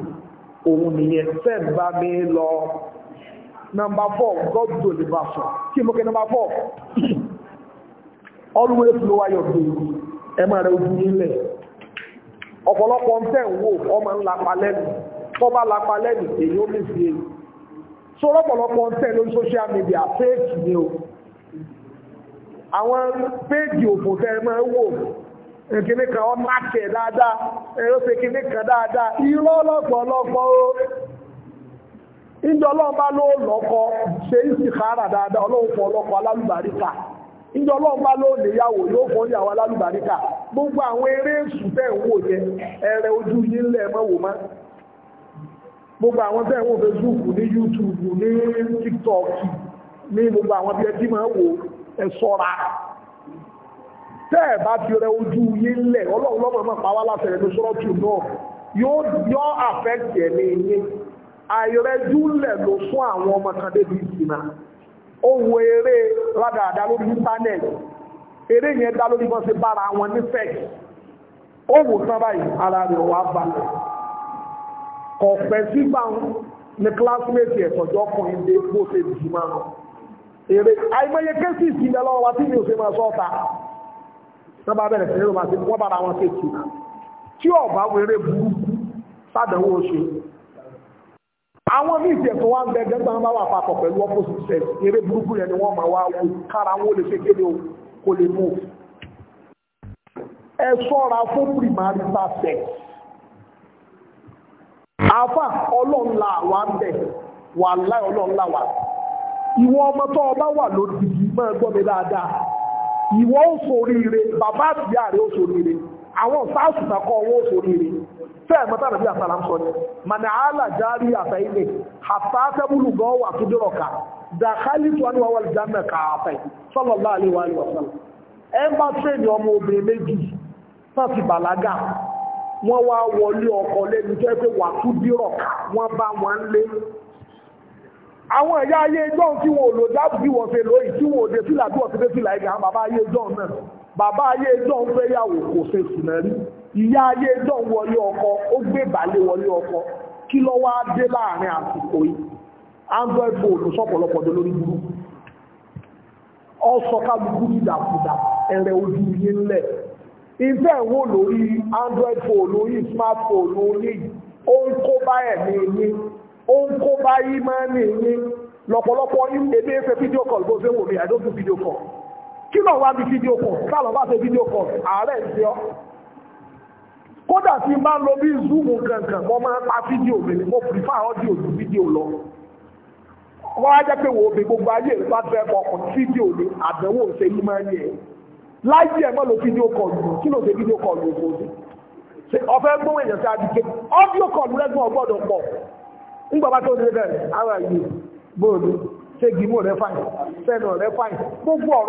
òun nìyẹn fẹ́ bá mi lọ number four god deliver for kí mo kẹ́ number four always lower your gaze ẹ máa rẹ ojú nílẹ̀ ọ̀pọ̀lọpọ̀ ń tẹ̀ ń wò ọmọ ń lapa lẹ́nu tọ́ba lapa lẹ́nu èyí ó lè fi èyí so lọ́pọ̀lọpọ̀ ń tẹ̀ social media ni o àwọn péèjì òfò tẹ́ ẹ máa ọ maka dáadáa ẹ̀rọ ṣe kan dáadáa irọ́ lọ́pọ̀lọpọ̀ o ìjọ ọlọ́run bá dáadáa ọlọ́run ọlọ́kọ alálùbáríkà níjọ́ ọlọ́run bá ló níyàwó yóò fún ìyàwó alálùbáríkà gbogbo àwọn eré èsù tẹ̀ ń wò yẹn ẹ̀rẹ̀ ojú yín lẹ̀ mọ́ wò má gbogbo àwọn tẹ̀ ń wò Facebook ní YouTube ní TikTok ní gbogbo àwọn bí ẹtí máa wò ẹ sọ́ra tẹ́ ẹ̀ bá fi rẹ ojú yín lẹ̀ ọlọ́run lọ́mọ máa pa wá láṣẹ rẹ̀ ní sọ́rọ́tù náà yóò yọ àfẹ́kì ẹ̀mí yín àìrẹ́jú lẹ̀ ló fún àwọn ọmọ kan débi ìsìn náà ó wo eré ládàáda lórí íńtánẹ́ẹ̀tì eré yẹn dá lórí bọ́sẹ̀ bára wọn ní fẹ́ẹ̀kì ó wò tán báyìí ara rẹ̀ wà balẹ̀ kọ̀pẹ́ sígbà ní kílásímẹ́tì ẹ̀tọ́jọ́ ọkùnrin dé bó ṣe jù máa lọ èrè àìmọye kéèsì ìsìnlẹ̀ lọ́wọ́ wa tí mi ò ṣe máa sọ́ọ̀ta wọ́n bá bẹ̀rẹ̀ sí ní wọ́n bá ra wọn kéèsì tí ọ̀bá wẹ̀rẹ̀ burúkú sádàwó ṣe àwọn míì tiẹ̀ tó wá ń bẹ gẹ́gbà wọn bá wà papọ̀ pẹ̀lú opposite sex eré burúkú yẹn ni wọ́n máa wá wò kára wọn ó lè ṣe kéde o kò lè mú ẹ sọ́ra fún primarital sex àfà ọlọ́ọ̀la wà ń bẹ̀ wà láì ọlọ́ọ̀la wà ìwọ ọmọ tó ọba wà lódìdí máa gbọ́ mi dáadáa ìwọ ó ṣoríire bàbá àti ìyá rẹ̀ ó ṣoríire àwọn sáàsì nàkọ́ wọn ó ṣoríire fẹ́ẹ̀ mọ́tà nàbí àsàlám sọ ni mànà àlà járí àtàyìnlẹ̀ àtà tẹ́bùlù gan wà tó dúró ká dàkálì tó ní wàwà ìjánà káàfẹ́ sallallahu alaihi wa sallam ẹ bá tẹ́ẹ̀nì ọmọ obìnrin méjì náà bàbá ayé john náà fẹ́ yàwó kò ṣe sùn rí ìyá ayé dán wọlé ọkọ ó gbé ìbálẹ̀ wọlé ọkọ kí ló wá dé láàrin àsìkò yìí android phone sọ́pọ̀lọpọ̀ dé lórí burúkú ọsọkálukú ìdàkudà ẹ̀rẹ̀ ojú yín ńlẹ̀ ìfẹ́ ìwò lórí android phone lórí smartphone lórí ó ń kó bá ẹ̀mí yín ó ń kó bá ìmọ̀ọ́nì yín lọ́pọ̀lọpọ̀ ilé fẹ́ fídíò kọ̀ ló fẹ́ wò mí àdókù fídíò kọ̀ kí náà wá bí fídíò kọ̀ káàlọ́ bá fẹ́ fídíò kọ̀ ààrẹ ń kódà tí bá lọ bí zoom kankan mọ máa pa fídíò mi ni mo prefer audio ju fídíò lọ wọ́n á jẹ́ pé wo gbogbo ayé rẹ̀ fẹ́ fídíò ni àdánwò ṣe yí máa ń láyé ẹ̀ mọ́ fídíò kí ló fídíò ṣe ọ̀fẹ́ gbóhùn èèyàn sí ọ́díò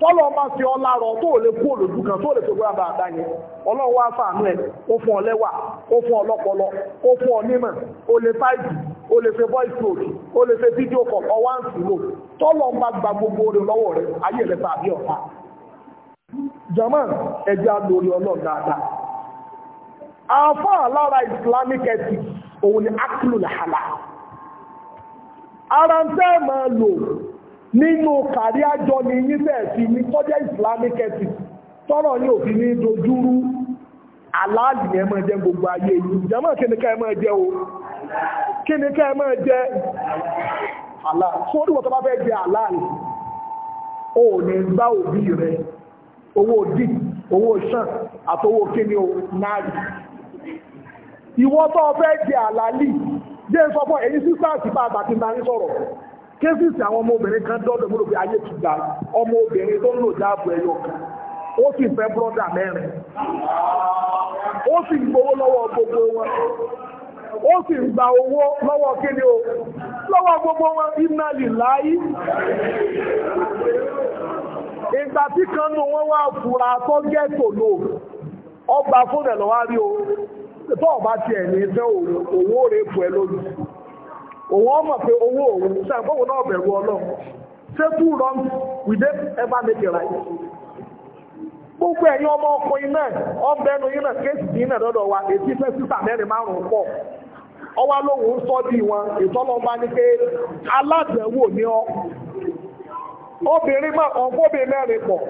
tọ́lọ́ bá fi ọlá rọ tó lè kú òlòdú kan tó lè tó gbọ́ra bá àdá yẹn ọlọ́run ẹ̀ ó fún ọ lẹ́wà ó fún ọ lọ́pọlọ ó fún ọ nímọ̀ ó lè fáìtì ó lè fẹ́ voice note ó lè fẹ́ fídíò kọ̀ ọwá ń sì lò tọ́lọ́ gba gbogbo rẹ̀ lọ́wọ́ rẹ̀ ayé rẹ̀ ọ̀tá alórí dáadáa àfáà lára islamic ethics òun ni ara ń máa lò nínú kàrí àjọ ni yín bẹ́ẹ̀ fi ní tọ́jẹ́ islamic ethic tọ́rọ̀ ní òfin ní dojúrú aláàlì yẹn máa jẹ gbogbo ayé yìí jẹ́mọ́ kíníkà ẹ máa jẹ o kíníkà ẹ máa jẹ aláàlì sórí wọ́n tó bá fẹ́ jẹ aláàlì o ní gbá òbí rẹ owó dì owó sàn àtowó kíní o náà ìwọ́n tó fẹ́ jẹ aláàlì jẹ́ sọ fún ẹ̀yìn sísáàsì bá àgbà tí ń ń sọ̀rọ̀ kéfìsì àwọn ọmọbìnrin kan dọ́dọ̀ mú lò pé ayé ti gba ọmọbìnrin tó ń lò dáàbò ẹyọ kan ó sì fẹ́ bọ́dà mẹ́rin ó sì gbowó lọ́wọ́ gbogbo wọn ó sì ń gba owó lọ́wọ́ kíni o lọ́wọ́ gbogbo wọn iná lè láyé ìgbà tí kan nù wọn wá fura tó gẹ́tò lò ọgbà fóònù lọ́wọ́ rí o tó ọba tiẹ̀ ní fẹ́ òwò rẹ̀ fún ẹ lójú òun ọmọ pé owó òun ṣàǹkóhùn náà bẹ̀rù ọlọ́run ṣé two wrongs we dey ever make a right gbogbo ẹ̀yin ọmọ ọkọ iná ọ̀bẹ́nu iná kéèsì yìí náà dọ́dọ̀ wa èsì fẹ́ sísà mẹ́rin márùn-ún pọ̀ ọwá lóhun ń sọ bí wọn ìtọ́lọ́mbá ní pé aládẹ̀wò ní ọ obìnrin ọgbóbi mẹ́rin pọ̀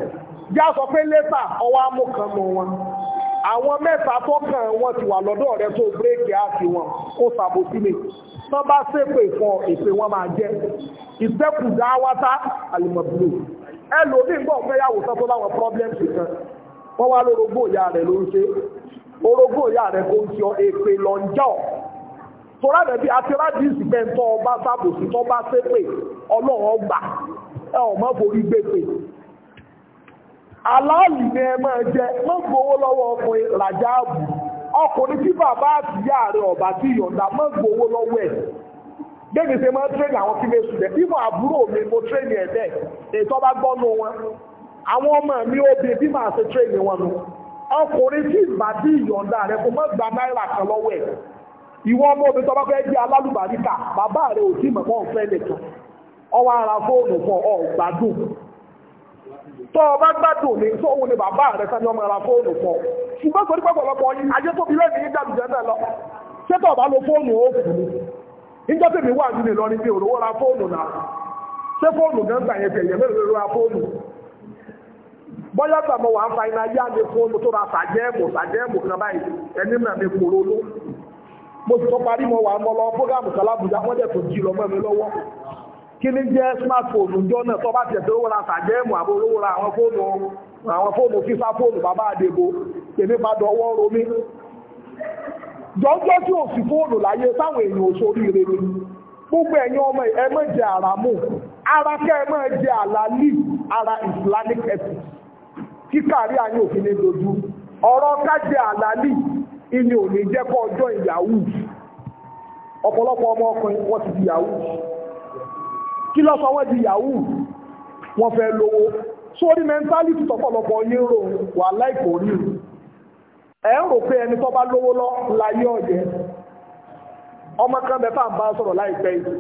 já sọ pé lẹ́tà ọwá mú kan mọ́ wọn àwọn mẹ́ta tó kàn wọ́n ti wà lọ́dọ̀ rẹ tó bírèkì àti wọn kó sàbòsí méjì tó bá ṣépè fún èpè wọn máa jẹ́ ìsẹ́kù dáwátá àlùmọ̀bùlù ẹ lò ní gbọ́ fẹ́yàwó sọ tó láwọn problems kan wọ́n wá lórógbó ìyá rẹ̀ ló ń ṣe orógbó ìyá rẹ̀ kò ń ṣe èpè lọ́njọ́ tọ́lá rẹ̀bí àtìrádìí ìsìnkẹ́ tọ́ ọba sábòsí tọ́ bá ṣépè ọlọ́run ọgbà ẹ ọmọ borí gbèpè aláàlì ni ẹ máa jẹ mọ́ gbowó lọ́wọ́ ọkùnrin ràjá àbùrù ọkùnrin tí bàbá àti ìyá rẹ̀ ọ̀bà tí yọ̀ǹda mọ́ gbowó lọ́wọ́ ẹ̀ ṣe máa àwọn tí mẹ́sùn rẹ̀ bímọ àbúrò mi mo tírẹ́nì ẹ̀ bẹ́ẹ̀ ètò ọba gbọ́nu wọn àwọn ọmọ mi ó bí bí ṣe wọn nu tí rẹ̀ kò mọ́ gba náírà kan lọ́wọ́ ẹ̀ ìwọ ọmọ obìnrin tọ́ba fẹ́ jẹ́ alálùbáríkà bàbá rẹ̀ ò tí ọwọ́ ara fóònù ọ gbádùn tó o bá gbádùn ní bàbá rẹ̀ sani ọmọ ara fóònù ṣùgbọ́n ayé tó náà lọ ṣé o lo fóònù ó fún mi níjọ́ tèmi wà nínú Ìlọrin bí òrówó ra fóònù náà ṣé fóònù gan gbà tẹ̀yẹ mẹ́rin lóra fóònù bọ́yá gbà wà á fa iná yá fóònù tó ra sàjẹ́mù sàjẹ́mù kan báyìí ẹni mo sì parí mọ́ wà mọ́ lọ kí ní jẹ́ smartphone ǹjọ́ náà tọ́ bá tẹ̀ tó wọ́n ra sàjẹ́mù àbúrò ra àwọn fóònù àwọn fóònù fífá fóònù bàbá àdèbò èmi padà ọwọ́ romí jọjọ́ tí ò sí fóònù láyé sáwọn èèyàn òṣòrí rẹ̀ ni gbogbo ẹ̀yin ọmọ ẹ má jẹ àràmù ara kẹ́ ẹ má jẹ àlàlì ara Islamic ethics kíkàrí àyín òfin ní dojú ọ̀rọ̀ ká jẹ àlàlì ìyẹn ò ní jẹ́ kọ́ ọjọ́ ìyàwó ọ̀pọ̀lọpọ̀ ọmọ ọkùnrin wọ́n ti di yàwó kí ló sọ wọ́n di yahoo wọ́n fẹ́ lówó sórí mẹ́ńtálítì tọ́pọ̀lọpọ̀ yé rò wà láìpò rí ẹ̀ ń rò pé ẹni tó bá lówó lọ láyé ọ̀jẹ́ ọmọ kan bẹ́ẹ̀ fà ń bá sọ̀rọ̀ láìpẹ́ yìí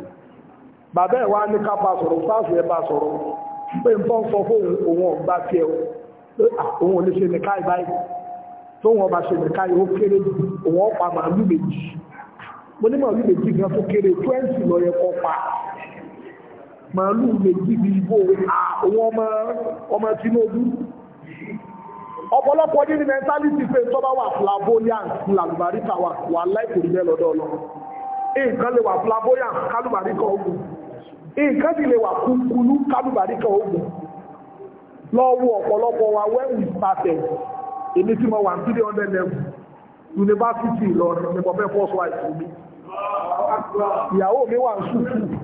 bàbá ẹ̀ wá ní ká bá sọ̀rọ̀ sáàsì ẹ̀ bá sọ̀rọ̀ pé n tó ń sọ fóun òun ọ̀gbá tiẹ̀ o pé òun ò lè ṣe nìka ìbáyìí tó wọn bá ṣe nìka yìí ó kéré òun ọ̀pá màálù méjì mo ní màálù méjì gan tó kéré twenty lọ yẹ kó pa màálù méjì bí ibo àwọn ọmọ ọmọ Tinubu ọ̀pọ̀lọpọ̀ nínú mẹ́ntálítì pé tó bá wà flamboyant làlùbáríkà wà wà láìpòrí lẹ́lọ́dọ́ lọ nǹkan lè wà flamboyant kálùbáríkà ogun nǹkan sì lè wà kúkúlú kálùbáríkà ogun lọ́wọ́ ọ̀pọ̀lọpọ̀ wa when we started èmi tí mo wà ní three level university Ìlọrin ni mo fẹ́ wife àìsàn mi ìyàwó mi wà ń sùkúù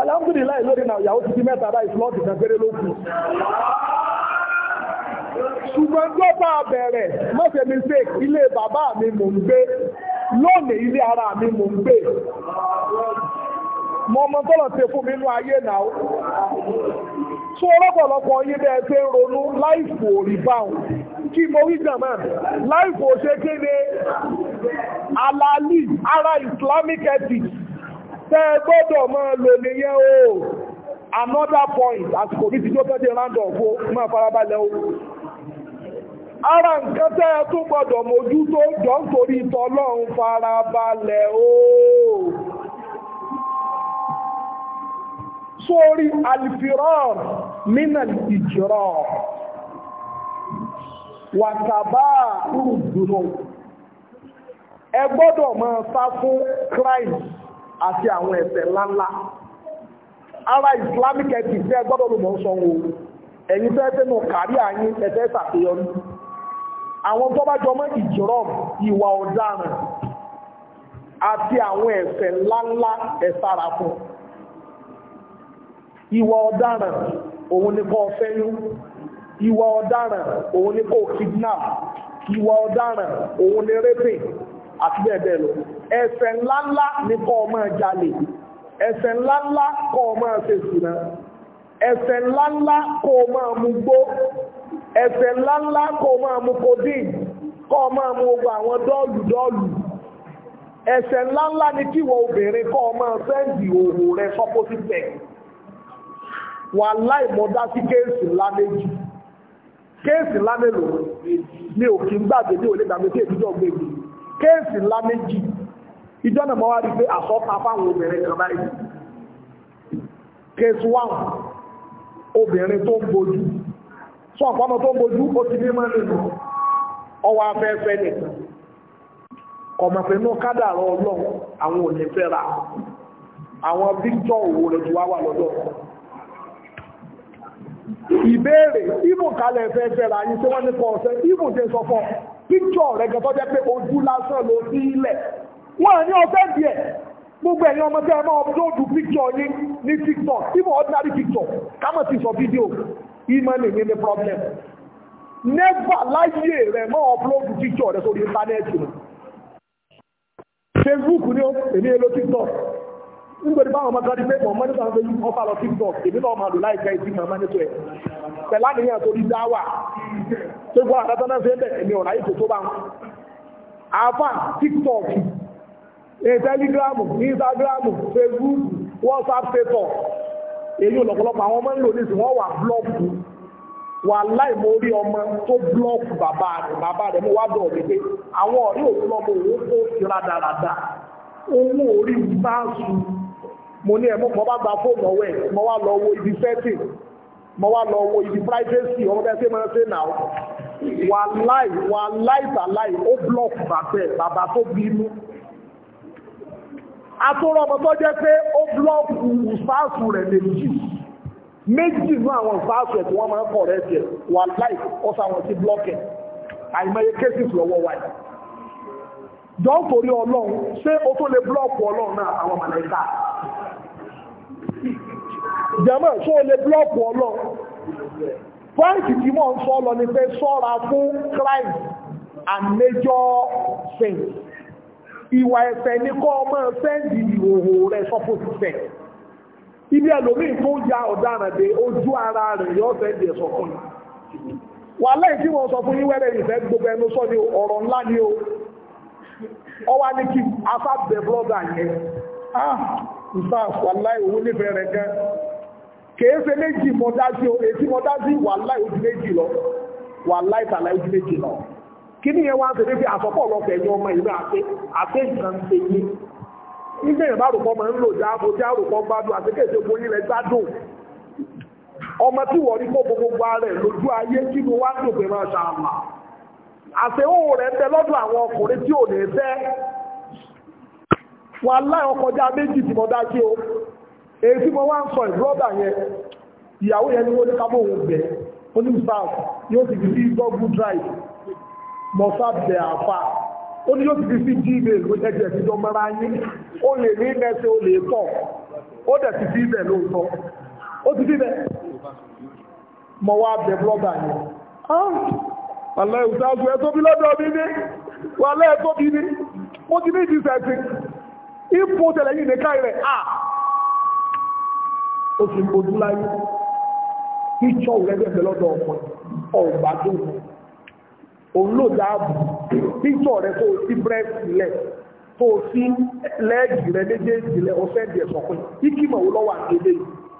alhamdulillah lórí náà ìyàwó ti di mẹ́ta bá ìfúlọ́ọ̀tì kan péré ṣùgbọ́n tó ilé bàbá mi mò ń gbé lónìí ara mi mò ń gbé mọ ọmọ tọ́lọ̀ ti fún mi ayé náà tó ọlọ́pọ̀lọpọ̀ bẹ́ẹ̀ ronú láìfò alali ara islamic ethics tẹ́ gbọ́dọ̀ máa lò nìyẹn o another point àsìkò ní ti tó fẹ́ di ara nǹkan tẹ́ ẹ tún gbọ́dọ̀ mójútó jọ ń torí tọlọ́run farabalẹ̀ o sórí alifirar mínà ìjọrọ wàtàbá rúdùnú ẹ gbọ́dọ̀ máa sá fún Christ àti àwọn ẹ̀ṣẹ̀ ńláńlá ara islamic ethics ẹ gbọ́dọ̀ ló mọ̀ ń sanwó ẹ̀yin fẹ́ sẹ́nu kárí àyín ẹ̀fẹ́ ṣàṣeyọrí àwọn tó bá jọmọ́ ìjọ́rọ̀ ìwà ọ̀daràn àti àwọn ẹ̀ṣẹ̀ ńláńlá ẹ̀sára fún ìwà ọ̀daràn òun ni kó fẹ́yún àti bẹ́ẹ̀ bẹ́ẹ̀ lọ ẹ̀ṣẹ̀ ńláńlá ní kọ́ ọmọ jalè ẹ̀ṣẹ̀ ńláńlá kọ́ ọmọ ṣe ṣìnà ẹ̀ṣẹ̀ ńláńlá kọ́ ọmọ mugbó ẹ̀ṣẹ̀ ńláńlá kọ́ ọmọ mukodin kọ́ ọmọ mugbó àwọn dọ́ọ̀lù dọ́ọ̀lù ẹ̀ṣẹ̀ ńláńlá ní kíwọ obìnrin kọ́ ọmọ sẹ́ǹdì òhò rẹ sọ́pọ́sítẹ̀ wà láìmọ̀dá sí kéèsì ńlá òkè ń gbàgbé ní òlé gbàgbé tí èdúdọ̀ gbègbè kéèsì ńlá méjì ìjọ náà mọ́wá rí pé àsọ́ta fáwọn obìnrin kan báyìí kéèsì wà obìnrin tó ń bojú fún ọ̀pọ̀mọ̀ tó ń bojú ó ti ní mọ́ nínú ọwọ́ afẹ́fẹ́ nìkan kọ̀mọ̀pẹ̀nú kádàrọ̀ ọlọ́run àwọn òní fẹ́ra àwọn victor owó rẹ̀ tó wá wà lọ́dọ̀ ìbéèrè ibùkálẹ̀ fẹ́ fẹ́ra yìí tí wọ́n ní kọ́ ọ̀sẹ̀ ibùdé sọ fọ́ píkṣọ rẹ̀ gẹ́gẹ́ jẹ́ pé ojú lásán ló sí ilẹ̀ wọ́n ní ọ̀fẹ́ díẹ̀ gbogbo ẹ̀yin ọmọ tẹ́ ẹ máa ọ̀pọ̀lọ́dù píkṣọ yín ní tiktok even ordinary picture kámọ̀ ti sọ fídíò ìmọ̀ nìyí ni problem never láyé rẹ̀ máa ọ̀pọ̀lọ́dù píkṣọ rẹ̀ sórí íńtánẹ́ẹ̀tì rẹ̀ facebook ni ó èmi èlò tiktok nígbèrè báwọn ọmọ kan ti pé mọ̀ mọ́nítà ń ọfà lọ tiktok èmi náà máa lò láìpẹ́ ìdí màmá nítò ẹ̀ pẹ̀lá nìyẹn tó rí dáwà tó gbọ́ àtàtà náà ṣe bẹ̀ èmi ọ̀rọ̀ ayé tó bá ń àfà tiktok eh, telegram instagram facebook whatsapp paper èyí ọ̀lọ́pọ̀lọpọ̀ àwọn ọmọ ń lò ní ìsìn wọ́n wà blọ́ọ̀kù wà láì mo rí ọmọ tó blọ́ọ̀kù bàbá rẹ̀ bàbá rẹ̀ mo wá bọ̀ ọ̀dẹ̀ àwọn ọ̀rẹ́ òun lọ́mọ òun kó ti rádaràda òun ò rí báńsù mo ní ẹ̀mú mo bá gba fóònù ọwọ́ ẹ̀ mo wá lọ wo ibi setting mo wá lọ wo ibi privacy ọmọ bẹ́ẹ̀ ṣe máa ń ṣe nà ó wà láì wà láì tàláì ó block bàbẹ̀ bàbá tó bínú atúrọ̀ ọmọ tó jẹ́ pé ó block ìfáàsù rẹ̀ méjì méjì ní àwọn ìfáàsù ẹ̀ tí wọ́n máa ń kọ̀ rẹ̀ jẹ wà láì ó sáwọn sí block ẹ̀ àìmọye cases lọ́wọ́ wáyé jọ́ torí ọlọ́run ṣé o tó lè block ọlọ́run náà àwọn màlẹ́kà jẹ́mọ̀ tó lè blọ́ọ̀kù ọlọ́ pọ́ìntì tí mọ́ ń sọ lọ ni pé sọ́ra fún crime and major sin ìwà ẹ̀fẹ̀ ní kọ́ ọmọ sẹ́ndì ìhòhò rẹ̀ sọ́pọ̀ ti fẹ̀ ibi ẹlòmíì tó ya ọ̀daràn dé ojú ara rẹ̀ yọ́ sẹ́ndì ẹ̀sọ̀ fún mi wà lẹ́yìn tí wọ́n sọ fún yín wẹ́rẹ́ ìfẹ́ gbogbo ẹnu sọ ni ọ̀rọ̀ ńlá ni o ọwá ní kí afábẹ̀ brọ́dà yẹn ah ìfà wà láì òun nífẹ̀ẹ́ rẹ̀ gan kìí ṣe méjì mo dájú o èsì mo dájú wàláì ojú méjì lọ wàláì tàlà ojú méjì lọ kí ni yẹn wá ń ṣe pé àsọpọ̀ lọ́fẹ̀ẹ́ ní ọmọ ìlú àti àti nǹkan ṣe yí nígbà yẹn bá rò pọ́ máa ń lò jáàbò tí àròpọ̀ gbádùn àti kéde bo ilẹ̀ gbádùn ọmọ tí wọ́n rí kó gbogbo ara rẹ̀ lójú ayé kí ni wá ń lò pé máa ṣàmà àṣewò rẹ̀ ń bẹ lọ́dọ̀ àwọn ọkùnrin tí ò ní fẹ́ wàláì ọkọjá méjì tí mo dájú o èyí tí mo wá ń sọ ìbrọ́dà yẹn ìyàwó yẹn ni wọ́n ní kábọ̀ òun gbẹ̀ ó ní yóò ti fi sí google drive mossad bẹ̀ àfà ó ní yóò ti fi sí gmail ló ẹ̀jẹ̀ ti jọ mọ́ra yín ó lè ní mẹ́sẹ̀ ó lè pọ̀ ó dẹ̀ ti fi ibẹ̀ lóòótọ́ ó ti fi ibẹ̀ mọ̀ wá bẹ̀ brọ́dà yẹn wàlẹ́ ìsáàsù ẹ̀ tóbi lọ́dọ̀ mi ní wàlẹ́ ẹ̀ tóbi ní mo ti ní ìdí sẹ̀sìn ìfún tẹ̀lẹ́yìn nìkan rẹ̀ ah ó ti gbójú láyé píṣọ́ rẹ́gbẹ̀ẹ́ lọ́dọ̀ ọkọ̀ ọ̀gbádùn òun ló dáàbò píṣọ́ rẹ tó sí bírẹ́sì lẹ̀ tó sí lẹ́ẹ̀gì rẹ méjèèjì lẹ̀ ọ̀fẹ́ díẹ̀ sọ̀kùn ìkìmọ̀ wo lọ́wọ́ àgbélé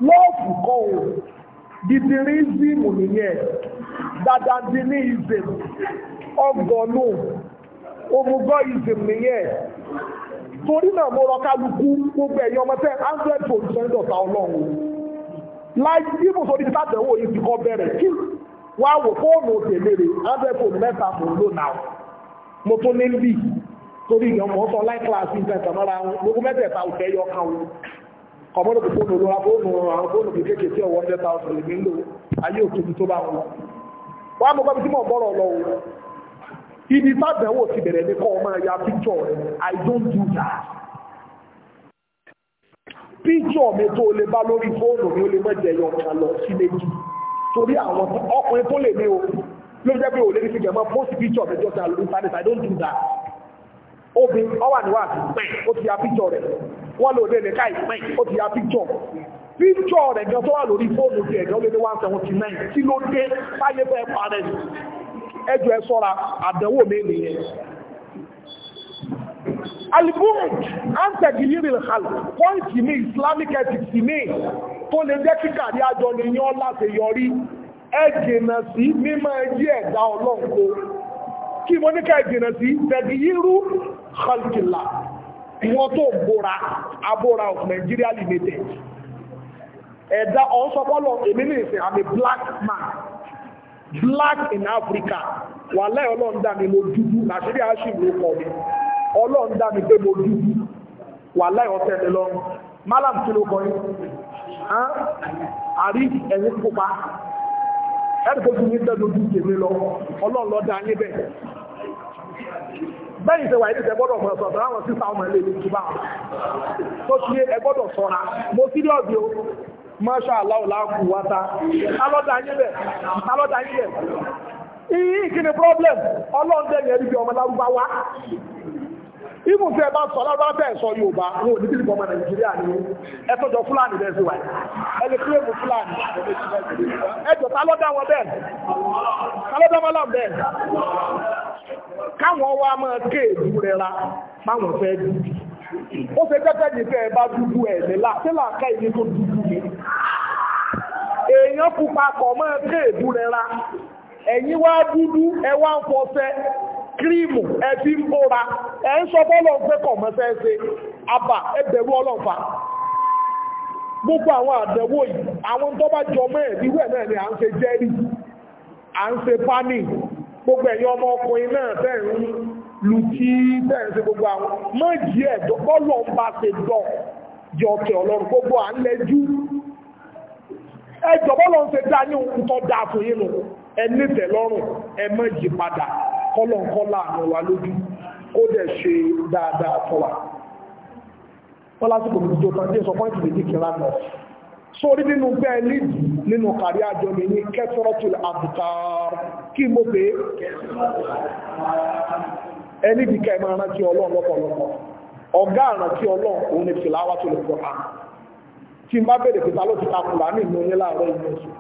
lọ́ọ̀fù kọ́ òun didirism nìyẹn dadadinism ọgọ́nù omugọ́ ism nìyẹn torí náà mo rọ kálukú gbogbo ẹ̀yọ́ ọmọ tẹ́ 100 percent ọ̀tá ọlọ́run láì bíbù sórí ti sàtẹ̀wò yìí ti kọ́ bẹ̀rẹ̀ kí wá wò fóònù òtẹ̀lẹ̀rẹ̀ hundred phone mẹ́ta mò ń lò náà mo tún ní bí torí ìyẹn mò ń sọ online class nǹkan ìtàmọ́ra wọn gbogbo mẹ́tẹ̀ẹ̀ta ò fẹ́ yọ kan wọn kọ̀mọ́nù kò fóònù olówó fóònù àwọn fóònù kékeré tí ọwọ́ hundred thousand lè mí lò ayé òtún tó bá wọn wọ́n á mọ̀ gbọ́dọ̀ tí mò ń bọ́rọ̀ lọ wọn ibi sàtẹ̀wò ti bẹ̀rẹ̀ ní kọ́ ọ máa ya I don't do that píjọ mi tó lè bá lórí fóònù mi ó lè mọ́ jẹyọ kan lọ sí méjì torí àwọn ọkùnrin tó lè ní o ló jẹ́ pé ò lè ní fìjẹ̀ mọ́ post píjọ mi jọta lórí internet I don't do that obìnrin ọwà níwájú pẹ́ ó ti ya píjọ rẹ̀ wọ́n lò lè nìka ìpẹ́ ó ti ya píjọ píjọ rẹ̀ gan tó wà lórí fóònù ti ẹ̀dọ́ lé ní one seventy nine kí ló dé táyé fẹ́ parẹ́ ẹjọ́ ẹ sọ́ra àdánwò mi nìyẹn alibuhud antagiliri hal pọ́ǹtì ní islamic ethics ní tó lè jẹ́ kíkà ní àjọ ní yán láti yọrí ẹgbìnà sí mímọ̀ ẹjí ẹ̀dá ọlọ́nkó kí mo ní ká ẹgbìnà sí tẹ̀gìyírú khalkila wọ́n tó bóra abóra of Nigeria limited ẹ̀dá ọ̀sọ́pọ̀lọ̀ èmi ní ìsìn àmì black man black in Africa wà lẹ́yọ̀lọ́ ń dá mi lójú nàìjíríà ṣì ló kọ́ mi ọlọ́run mi pé mo dúdú wà láì ọ̀tẹ̀ mi malam kí ló kọrin àrí ẹ̀yìn pupa ẹ̀rìkọ́jú ní sẹ́dọ̀ ojú tèmi lọ ọlọ́run lọ dá bẹ́ẹ̀ bẹ́yìn ṣe wà ní ṣe gbọ́dọ̀ sọ̀rọ̀ sọ̀rọ̀ ọmọ ilé ìlú tuba tó ti mo sí o masha Allah láàkú wá ta alọ́dà yín bẹ̀ alọ́dà kí ni problem ọlọ́run dẹ̀yìn ẹ̀rí bí ọmọ ibù fẹ́ bá sọ lábára bẹ́ẹ̀ sọ Yorùbá wọn ò ní bíbí ọmọ Nàìjíríà ni ẹ tọjọ Fúlàní bẹ́ẹ̀ sí wa ẹ lè kúrò mú Fúlàní ẹ jọ tálọ́dá wọn bẹ́ẹ̀ tálọ́dá wọn lọ bẹ́ẹ̀ káwọn wa máa ké èdú rẹ ra báwọn fẹ́ dú ó ṣe jẹ́jẹ́ yìí fẹ́ bá dúdú ẹ̀ nílá tí làákà ìní tó dúdú ni èèyàn pupa kọ̀ máa ké èdú rẹ ra ẹ̀yin wá dúdú ẹ wá ń fọṣẹ́ kírímù ẹbí ń bóra ẹ̀ ń sọ bọ́lọ̀ pé kọ̀mọ́ sẹ́ẹ̀sẹ̀ àbà ẹbẹ̀rú ọlọ́fà gbogbo àwọn àdẹ̀wò yìí àwọn tó bá jọ mọ́ ẹ̀bí wẹ̀ náà ni à ń ṣe jẹ́rì à ń ṣe pání gbogbo ẹ̀yin ọmọ ọkùnrin náà tẹ̀ ń lu tí tẹ̀ ń ṣe gbogbo àwọn mọ́ jí ẹ̀dọ́ bọ́lọ̀ ń ṣe dọ̀ jọ ọkẹ̀ ọlọ́run gbogbo à ń lẹ́jú ẹjọ́ bọ́lọ̀ ń ṣe dá ní ohun dáa fún yín nù ẹ nítẹ̀ lọ́rùn ẹ mọ́ yí padà kọ́lọ̀kọ́lá àwọn wa lójú kó dẹ̀ ṣe dáadáa fọ́wà wọ́n lásìkò mi tó tán díẹ̀ sọ pọ́ǹtì méjì kìlá nà so orí nínú pé ẹ lídì nínú kàrí àjọ mi ní kẹsọ́rọ́tù àbùtàr kí mo pé ẹ lídì ká ẹ máa rántí ọlọ́run lọ́pọ̀lọpọ̀ ọ̀gá àrántí ọlọ́run òun ni fìlà wà tó lè pọ̀ tí n bá bèrè pé ta ló ti ta kùlà ní ìlú oníláàárọ̀ ìlú ọ̀sùn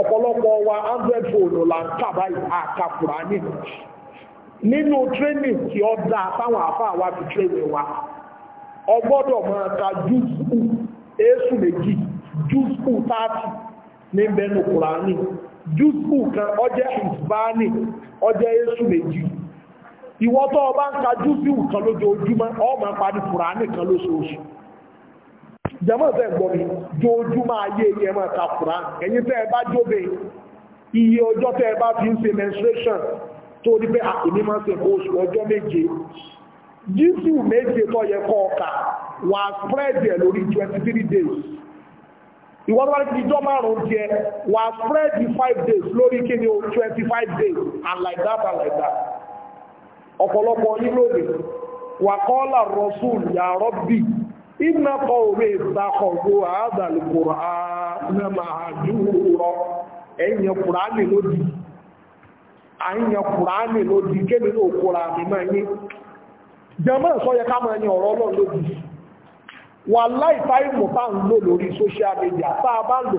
ọ̀pọ̀lọpọ̀ wa hundred fold la ń kà báyìí àkàkùrà ní nínú training tí ó dá táwọn àfáà wa fi training wa ọgbọ́dọ̀ máa ka júùsù èésù méjì júùsù táàtì ní bẹnu kùránì júùsù kan ọjẹ́ ìsbáni ọjẹ́ èésù méjì ìwọ ọba bá ń ka júùsù kan lójoojúmọ́ ọ máa parí kùránì kan lóṣooṣù jẹ́mọ́ tẹ́ gbọ́ mi jojúmọ́ ayé yẹ mọ́ ta Quran ẹ̀yin tẹ́ bá jóbe iye ọjọ́ tẹ́ bá fi ń ṣe menstruation tó ní pé àkùnrin máa ń ṣe oṣù ọjọ́ méje jísù méje tó yẹ kọ́ ọkà wà spread ẹ̀ lórí 23 days ìwọ́n wá ní ìjọ márùn-ún jẹ wà spread the five days lórí kí ni o 25 days and like that and like that ọ̀pọ̀lọpọ̀ yín lónìí wà kọ́ là rọ́sùn yà rọ́bì inna qawmi ìsàkọ̀gbò àádàlùkùrù àánàmà àdúrà ẹ̀yìn kùránì lódì àyìn kùránì lódì kébì ní òkúra àmìmá yín jẹmọ́ ìsọ́yẹ ká máa ní ọ̀rọ̀ náà lódì wà láì táìmù tá ń lò lórí social media tá a bá ń ti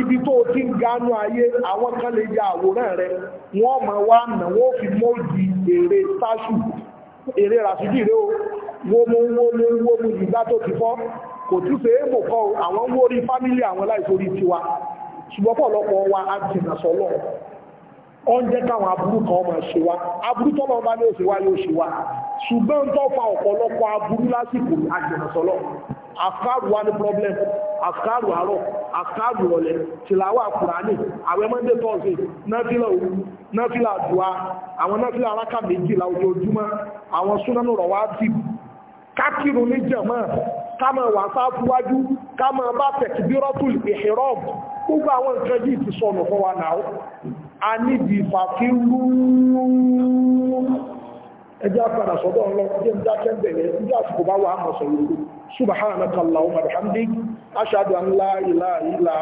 ibi tó ti ń gánú ayé àwọn kan lè ya àwòrán rẹ wọ́n mọ̀ wá nà wọ́n fi mọ́ọ̀dì èrè sáṣù èrè ràṣídì rẹ o wọ́n mú wọ́n mú wọ́n mú ìgbà tó ti fọ́ kò tí ṣe é mò kọ́ àwọn ń wórí fámílì àwọn láìsórí tiwa ṣùgbọ́n pọ̀lọpọ̀ wa á ti wa aburú tọ́lọ́ wa àfáàrù wa ní problem àfáàrù àárọ̀ àfáàrù ọ̀lẹ̀ tìlàwà kùránì àwẹ̀ monday thursday náfìlà òru náfìlà àdùá àwọn náfìlà aráka méjìlá ojoojúmọ́ àwọn súnánù rọ̀ wá dì kákìrù ní jẹ̀mọ́ kámọ̀ wà sáfúwájú kámọ̀ bá tẹ̀kìbírọ́tùl ìhìrọ́b gbogbo àwọn nǹkan yìí ti sọnù ẹjá padà sọ́dọ̀ ọ̀lọ́ jẹ́ ń dákẹ́ bẹ̀rẹ̀ ní àsìkò bá wà ámọ̀ sọ̀rọ̀ ìlú subhanaka allahumma bihamdik ashhadu an la ilaha illa